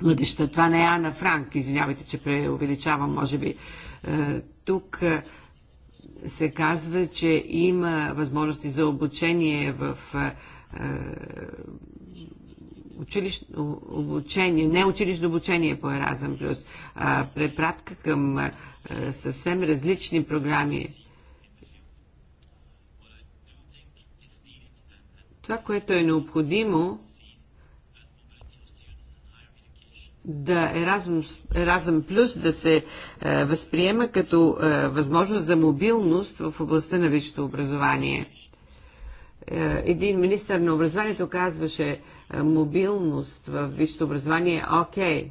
Speaker 2: младеща. Това не е Ана Франк, извинявайте, че преувеличавам, може би. Тук се казва, че има възможности за обучение в училищ, обучение, не училищно обучение по Еразъм плюс, а препратка към съвсем различни програми. Това, което е необходимо, да Еразъм, Плюс да се е, възприема като е, възможност за мобилност в областта на висшето образование. Е, един министр на образованието казваше е, мобилност в висшето образование е окей.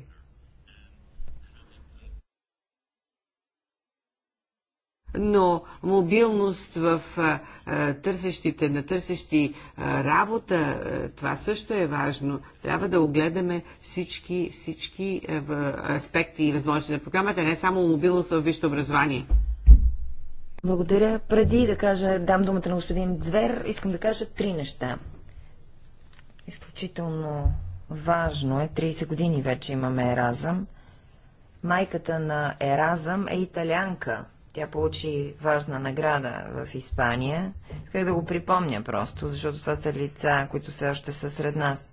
Speaker 2: но мобилност в търсещите, на търсещи работа, това също е важно. Трябва да огледаме всички, всички аспекти и възможности на програмата, не само мобилност в висшето образование.
Speaker 3: Благодаря. Преди да кажа, дам думата на господин Звер, искам да кажа три неща. Изключително важно е, 30 години вече имаме Еразъм. Майката на Еразъм е италянка, тя получи важна награда в Испания. Исках да го припомня просто, защото това са лица, които все още са сред нас.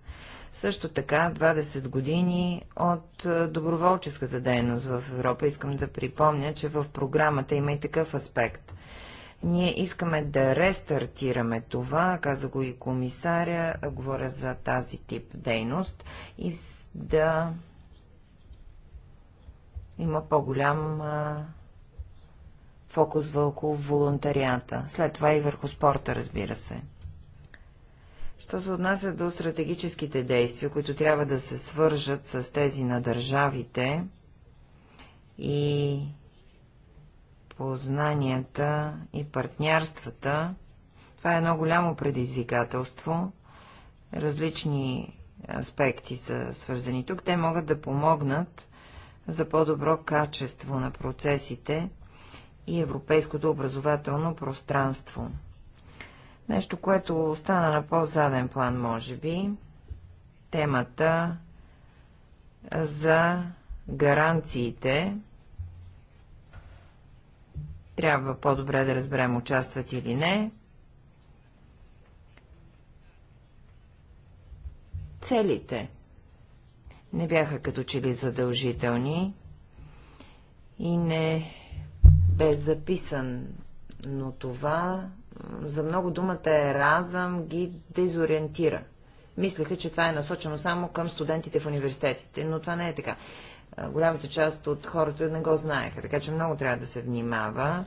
Speaker 3: Също така, 20 години от е, доброволческата дейност в Европа. Искам да припомня, че в програмата има и такъв аспект. Ние искаме да рестартираме това, каза го и комисаря, говоря за тази тип дейност, и да има по-голям фокус върху волонтарията. След това и върху спорта, разбира се. Що се отнася до стратегическите действия, които трябва да се свържат с тези на държавите и познанията и партньорствата, това е едно голямо предизвикателство. Различни аспекти са свързани тук. Те могат да помогнат за по-добро качество на процесите и европейското образователно пространство. Нещо, което остана на по-заден план, може би, темата за гаранциите. Трябва по-добре да разберем участват или не. Целите не бяха като че ли задължителни и не бе записан, но това за много думата е разъм ги дезориентира. Мислеха, че това е насочено само към студентите в университетите, но това не е така. Голямата част от хората не го знаеха, така че много трябва да се внимава.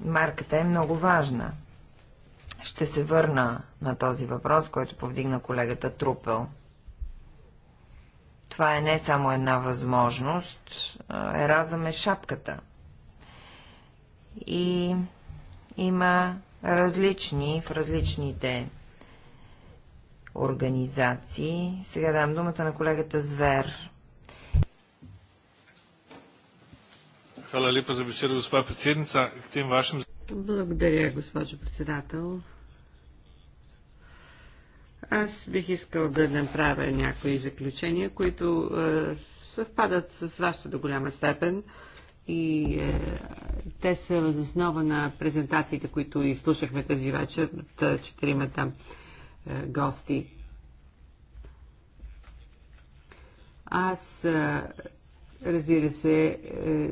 Speaker 3: Марката е много важна. Ще се върна на този въпрос, който повдигна колегата Трупел. Това е не само една възможност, еразъм е шапката – и има различни в различните организации. Сега дам думата на колегата Звер.
Speaker 2: Благодаря, госпожо председател. Аз бих искал да направя някои заключения, които е, съвпадат с вашата до голяма степен. Е, и е, те са възоснова на презентациите, които изслушахме тази вечер от е, четиримата е, гости. Аз, е, разбира се, е,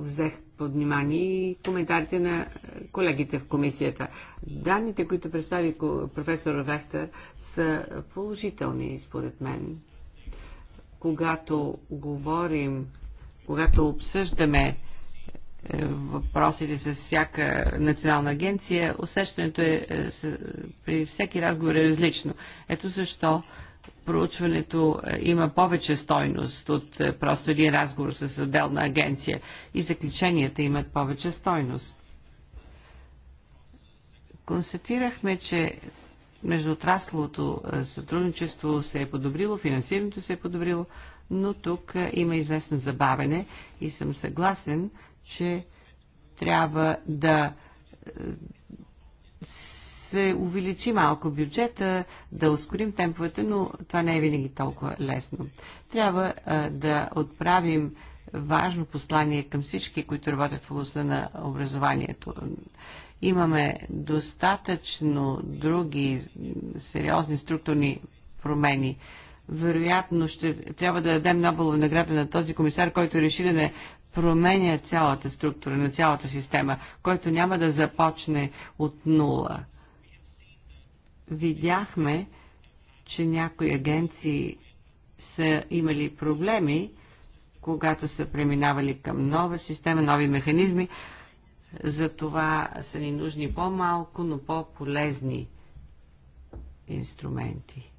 Speaker 2: взех под внимание и коментарите на колегите в комисията. Данните, които представи професор Вехтер, са положителни, според мен. Когато говорим когато обсъждаме е, въпросите с всяка национална агенция, усещането е, е при всеки разговор е различно. Ето защо проучването е, има повече стойност от просто един разговор с отделна агенция и заключенията имат повече стойност. Констатирахме, че междуотрасловото сътрудничество се е подобрило, финансирането се е подобрило, но тук има известно забавене и съм съгласен, че трябва да се увеличи малко бюджета, да ускорим темповете, но това не е винаги толкова лесно. Трябва да отправим важно послание към всички, които работят в областта на образованието. Имаме достатъчно други сериозни структурни промени вероятно ще трябва да дадем Нобелова награда на този комисар, който реши да не променя цялата структура на цялата система, който няма да започне от нула. Видяхме, че някои агенции са имали проблеми, когато са преминавали към нова система, нови механизми. За това са ни нужни по-малко, но по-полезни инструменти.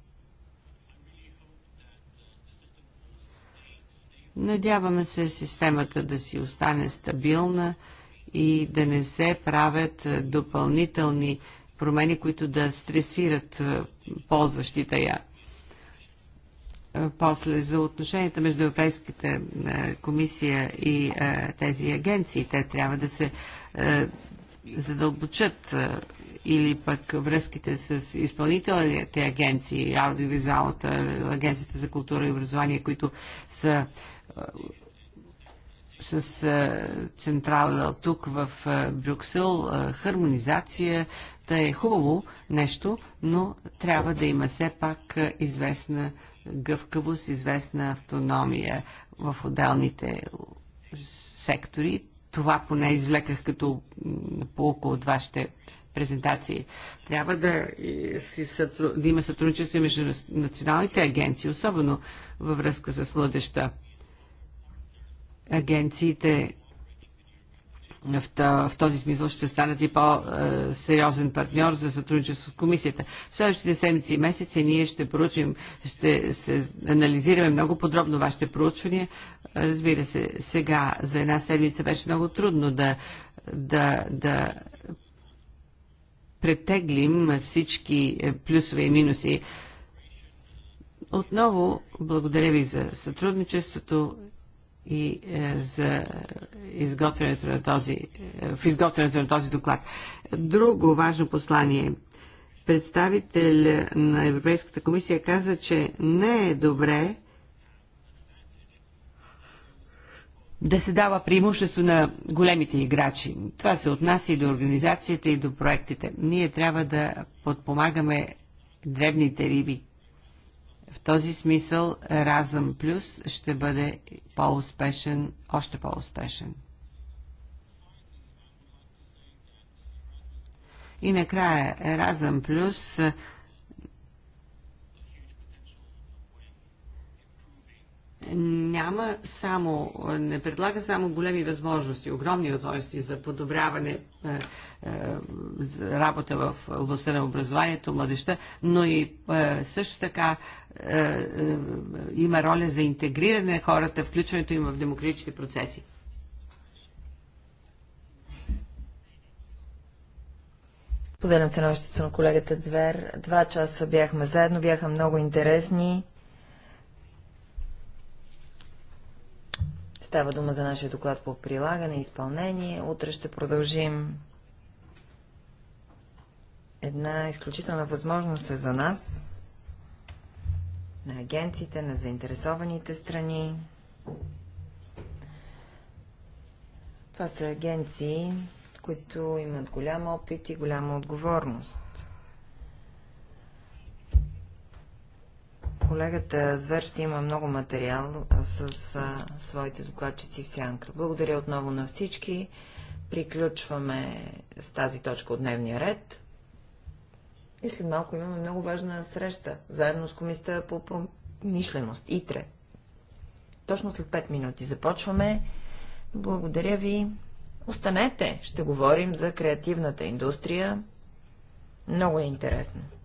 Speaker 2: Надяваме се системата да си остане стабилна и да не се правят е, допълнителни промени, които да стресират е, ползващите я. Е, после за отношенията между Европейската комисия и тези агенции, те трябва да се задълбочат или пък връзките с изпълнителните агенции, аудиовизуалната, агенцията за култура и образование, които са с централа тук в Брюксел, хармонизация, да е хубаво нещо, но трябва да има все пак известна гъвкавост, известна автономия в отделните сектори. Това поне извлеках като полука от вашите презентации. Трябва да, си, сътру... да има сътрудничество между националните агенции, особено във връзка с младеща агенциите в този смисъл ще станат и по-сериозен партньор за сътрудничество с комисията. В следващите седмици и месеци ние ще проучим, ще се анализираме много подробно вашите проучвания. Разбира се, сега за една седмица беше много трудно да, да, да претеглим всички плюсове и минуси. Отново благодаря ви за сътрудничеството и е, за изготвянето на този, е, в изготвянето на този доклад. Друго важно послание. Представител на Европейската комисия каза, че не е добре да се дава преимущество на големите играчи. Това се отнася и до организацията, и до проектите. Ние трябва да подпомагаме дребните риби, в този смисъл Разъм Плюс ще бъде по-успешен, още по-успешен. И накрая Разъм Плюс няма само, не предлага само големи възможности, огромни възможности за подобряване е, е, работа в областта на образованието, младеща, но и е, също така е, е, има роля за интегриране на хората, включването им в демократичните процеси.
Speaker 3: Поделям се нощите на колегата Звер. Два часа бяхме заедно, бяха много интересни. Става дума за нашия доклад по прилагане и изпълнение. Утре ще продължим. Една изключителна възможност е за нас, на агенциите, на заинтересованите страни. Това са агенции, които имат голям опит и голяма отговорност. Колегата Звер ще има много материал с а, своите докладчици в сянка. Благодаря отново на всички. Приключваме с тази точка от дневния ред. И след малко имаме много важна среща, заедно с комисията по промишленост, ИТРЕ. Точно след 5 минути започваме. Благодаря ви. Останете, ще говорим за креативната
Speaker 2: индустрия. Много е интересно.